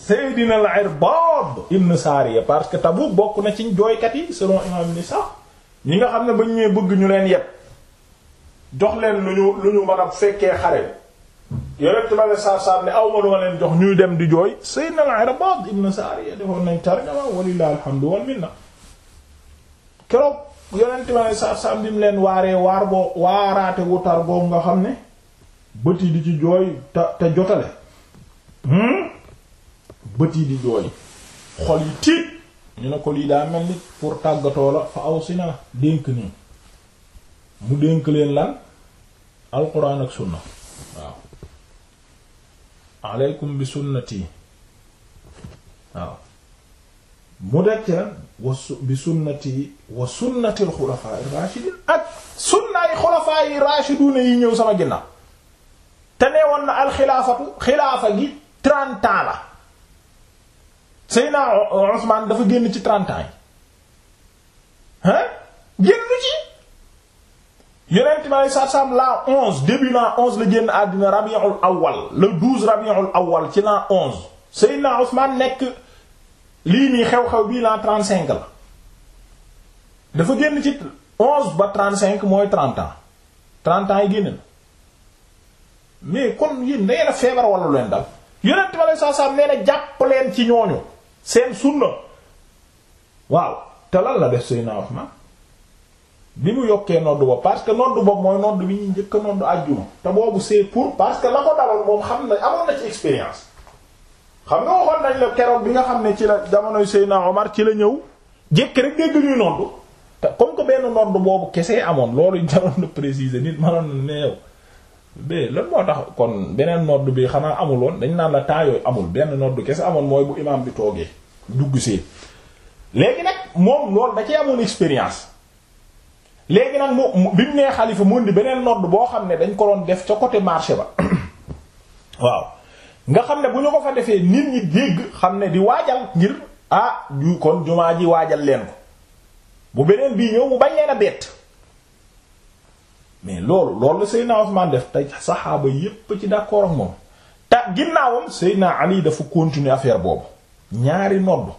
seydina al-Irbaad ibn Saariya parce que Tabuk bokk na ci jooykat yi selon imam ni sax ñi nga xam ne bañ ñee bëgg ñu leen yépp jox leen lu ñu lu ñu mën a fekkee xare yonent ba saab saab ne aw ma lu leen jox ñuy dem di jooy sayyidna al-Irbad ibn Sariya defoon nañ tarjama walillahi alhamdu wal minna keroog yonent saab saab dim leen waaree waar boo waaraate wu tar boobu nga xam ne bët yi di ci jooy te te jotale hmm? bët yi di jooy xol yi tiit ñu ne ko lii daa mel ni pour tàggatoo la fa aw si dénk nii mu dénk leen lan alquran ak sunna waaw aleykum bi sunnati waaw mu dekk wa bi sunnati wa sunnati ak sunnaay xulafaa yi rashidun yi ñëw sama ginnaaw te nee woon na alxilaafatu xilaafa gi trente la Seyna Ousmane dafa génn ci trente ans yi hein génn ci yonent bi alei satu salaam la onze début la onze la génn àddina rabiul awal le douze rabiul awal ci la onze Seyna Ousmane nekk lii nii xew-xew bii la trente cinq la dafa génn ci onze ba trente cinq mooy trente ans trente ans yi génn na mais kon yéen da ngeen a feebar wala leen dal yonent bi alei satu nee na jàpp leen ci ñooñu seen sunna waaw te na la def Seydina Usmaan bi mu yokkee nodd ba parce que nodd boobu mooy nodd bi ñuy njëkk a nodd àjjuma te boobu c'est pour parce que la ko daloon moom xam ne amoon na ci expérience xam nga waxoon nañ la keroog bi nga xam ne ci la jamonoy Seydina Omar ci la ñëw jekk rek dégg ñuy nodd te comme que benn nodd boobu kese amoon loolu *laughs* jaroon na préciser nit mënoon na ne mais lan moo tax kon beneen nodd bi xanaa amul woon dañ naan la temps yooyu amul benn nodd kese amoon mooy bu imaam bi toogee dugg see léegi nag moom loolu da cee amoon expérience léegi nag mu bi mu nee xalifa mu indi beneen nodd boo xam ne dañ ko doon def ca côté marché ba *coughs* waaw nga xam ne bu ñu ko fa defee nit ñi dégg xam ne di waajal ngir ah ju kon jumaa ji waajal leen ko bu beneen bii ñëw bañ leen a bett mais loolu loolu la Seydina Usmaan def te saxaaba yépp ci d'accord ak moom te ginnaawam Seydina Ali dafa continuer affaire boobu ñaari nodd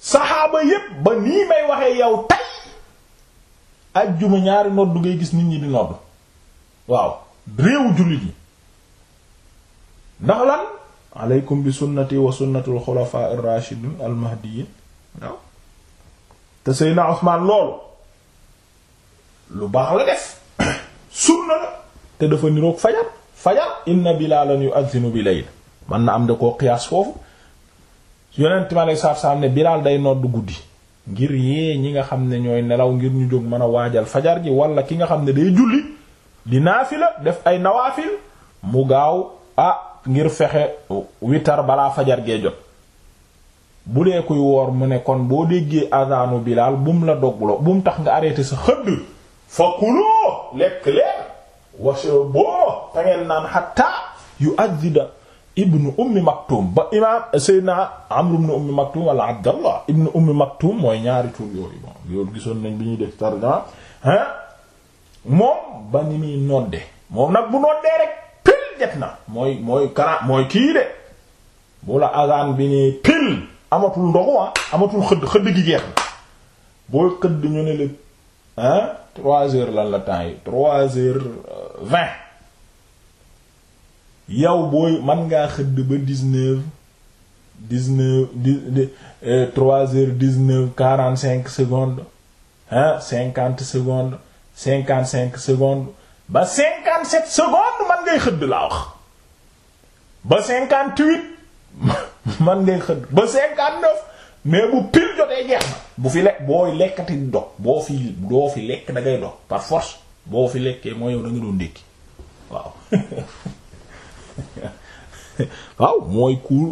saxaaba yépp ba nii may waxee yow tay ajjuma ñaari nodd ngay gis nit ñi di nodd waaw réewu jullit yi ndax lan aleykum bi sunnati wa sunnatul xulafaa ar-rashidin al-mahdiyyin waaw te Seydina Usmaan loolu lu baax la def sunna la te dafa niroog fajar fajar inna bilalan yu'adhdhinu bi layl man na am da koo qiyaas foofu yonent ma lay saar-saam ne bilaal day nodd guddi ngir yee ñi nga xam ne ñooy nelaw ngir ñu jóg mën a waajal fajar ji walla ki nga xam ne day julli di la def ay nawaafil mu gaaw a ngir fexe witar balaa fajar gee jot bu dee kuy woor mu ne kon boo déggee azanu bilaal bum la dogloo bum tax nga arrêté sa xëdd fa kuloo lekk leen washraboo te ngeen naan xatta yu addida ibnu ummi maktum ba imaam seydna amru ummi maktum wala abdallah ibnu ummi maktum mooy ñaari tur yooyu bon loolu gisoon nañ bi ñuy def tarjuma hein moom ba ni muy nodde moom nag bu noddee rek pil jet na mooy mooy kara mooy kii de bu la azan bi nii pil amatul ndoxu ah, amatul xëdd xëdd gi jeex na booy xëdd ñu ne la ah trois heures lan la temps yi trois heures euh, yow booy man ngaa xëdd ba dix-neuf dix-neuf dix euh, trois heures dix-neuf quarante-cinq secondes ah cinquante secondes cinquante-cinq secondes ba cinquante-sept secondes man ngay xëdd laa wax ba cinquante-huit *laughs* man ngay xëdd ba cinquante-neuf mais bu pil jotee jeex na bu fi lekk booy lekkati dog boo fi doo fi lekk da ngay par force boo fi lekkee mooy yow da nga doon ndékki waaw *laughs* waaw mooy kulu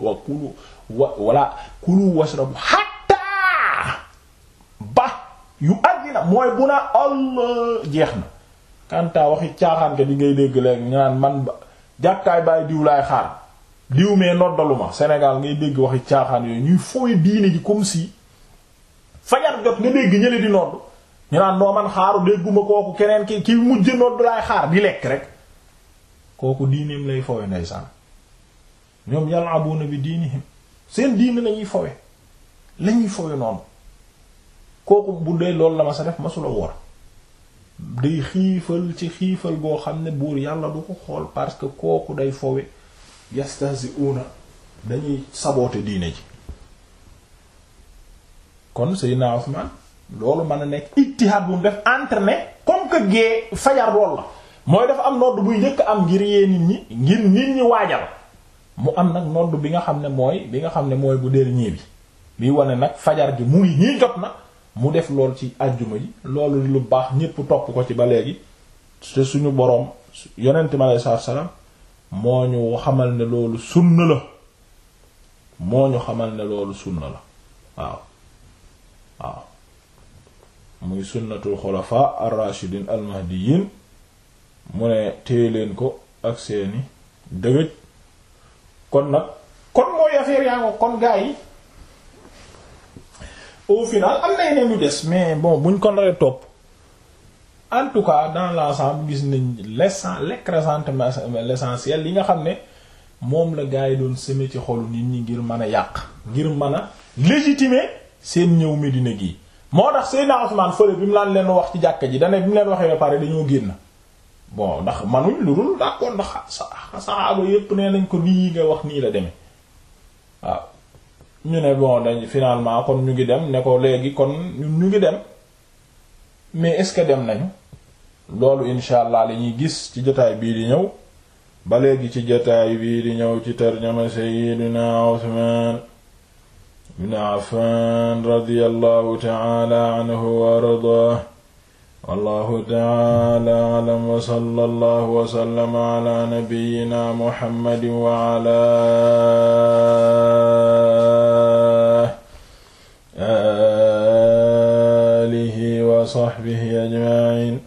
wa bu na allah jeex na kantaa waxi caaxaan ka di ngay dégg léegi ñu man ba jàkkaay baay diw xaar diw mee noddaluma Sénégal ngay dégg waxi caaxaan yooyu ñuy fooy diine ji comme si fajar jot nga dégg ñële di nodd ñu naan noo man xaaru dégguma kooku keneen ki ki mujj nodd laay xaar di lekk rek kooku diineem lay foowe ndeysaan ñoom bi diinihim seen diine lañuy foowe lañuy foowe kooku bu dee loolu la ma sa masula wor day xiifal ci xiifal goo xam ne buur yàlla du ko xool parce que kooku day foowe yastahzi'una dañuy saboote diine ji kon Seydina Usman loolu mën a nekk ittihaad bu mu def entraîné comme que gée fajar lool la mooy dafa am nodd buy njëkk am ngir yee nit ñi ngir nit ñi waajal mu am nag nodd bi nga xam ne mooy bi nga xam ne mooy bu dernier bi bi wane nag fajar ji mu ngi ñii jot na mu def lool ci àjjuma ji loolu lu baax ñépp topp ko ci ba léegi te suñu boroom yonent mi alayhi salaam moo ñu xamal ne loolu sunna la moo ñu xamal ne loolu sunna la waaw waaw muy sunnatul xulafaa ar-rashidin al-mahdiyyin mu ne téye leen ko ak seeni dëgëj kon nag kon mooy affaire yaa ngo kon gaa yi au final am na yeneen ñu des mais bon buñ ko naree topp en tout cas dans l'ensemble gis nañ l'essentiel l'essentiel li nga xam ne moom la gars yi doon seme ci xolu nit ñi ngir mën a yàq ngir mën a légitimer seen ñëw Medina gi moo tax Seydina Usmaan fële bi mu laan leen wax ci jàkka ji dane bi mu leen waxee ba pare dañoo génn bon ndax manuñ lu dul sa ndax saxaaba yépp nee nañ ko nii ngay wax nii la deme waaw ñu ne bon dañ finalement kon ñu ngi dem ne ko léegi kon ñu ngi dem mais est-ce que dem nañu loolu incha allah la ñuy gis ci jotaay bii di ñëw ba léegi ci jotaay bii di ñëw ci tarjama sayyidina Usmaan ibn Affaan radiyallahu ta'ala anhu wa ardaah wallahu ta'ala a'lam wa sallallahu wa sallama ala nabiyyina Muhammadin wa ala alihi wa sahbihi ajma'in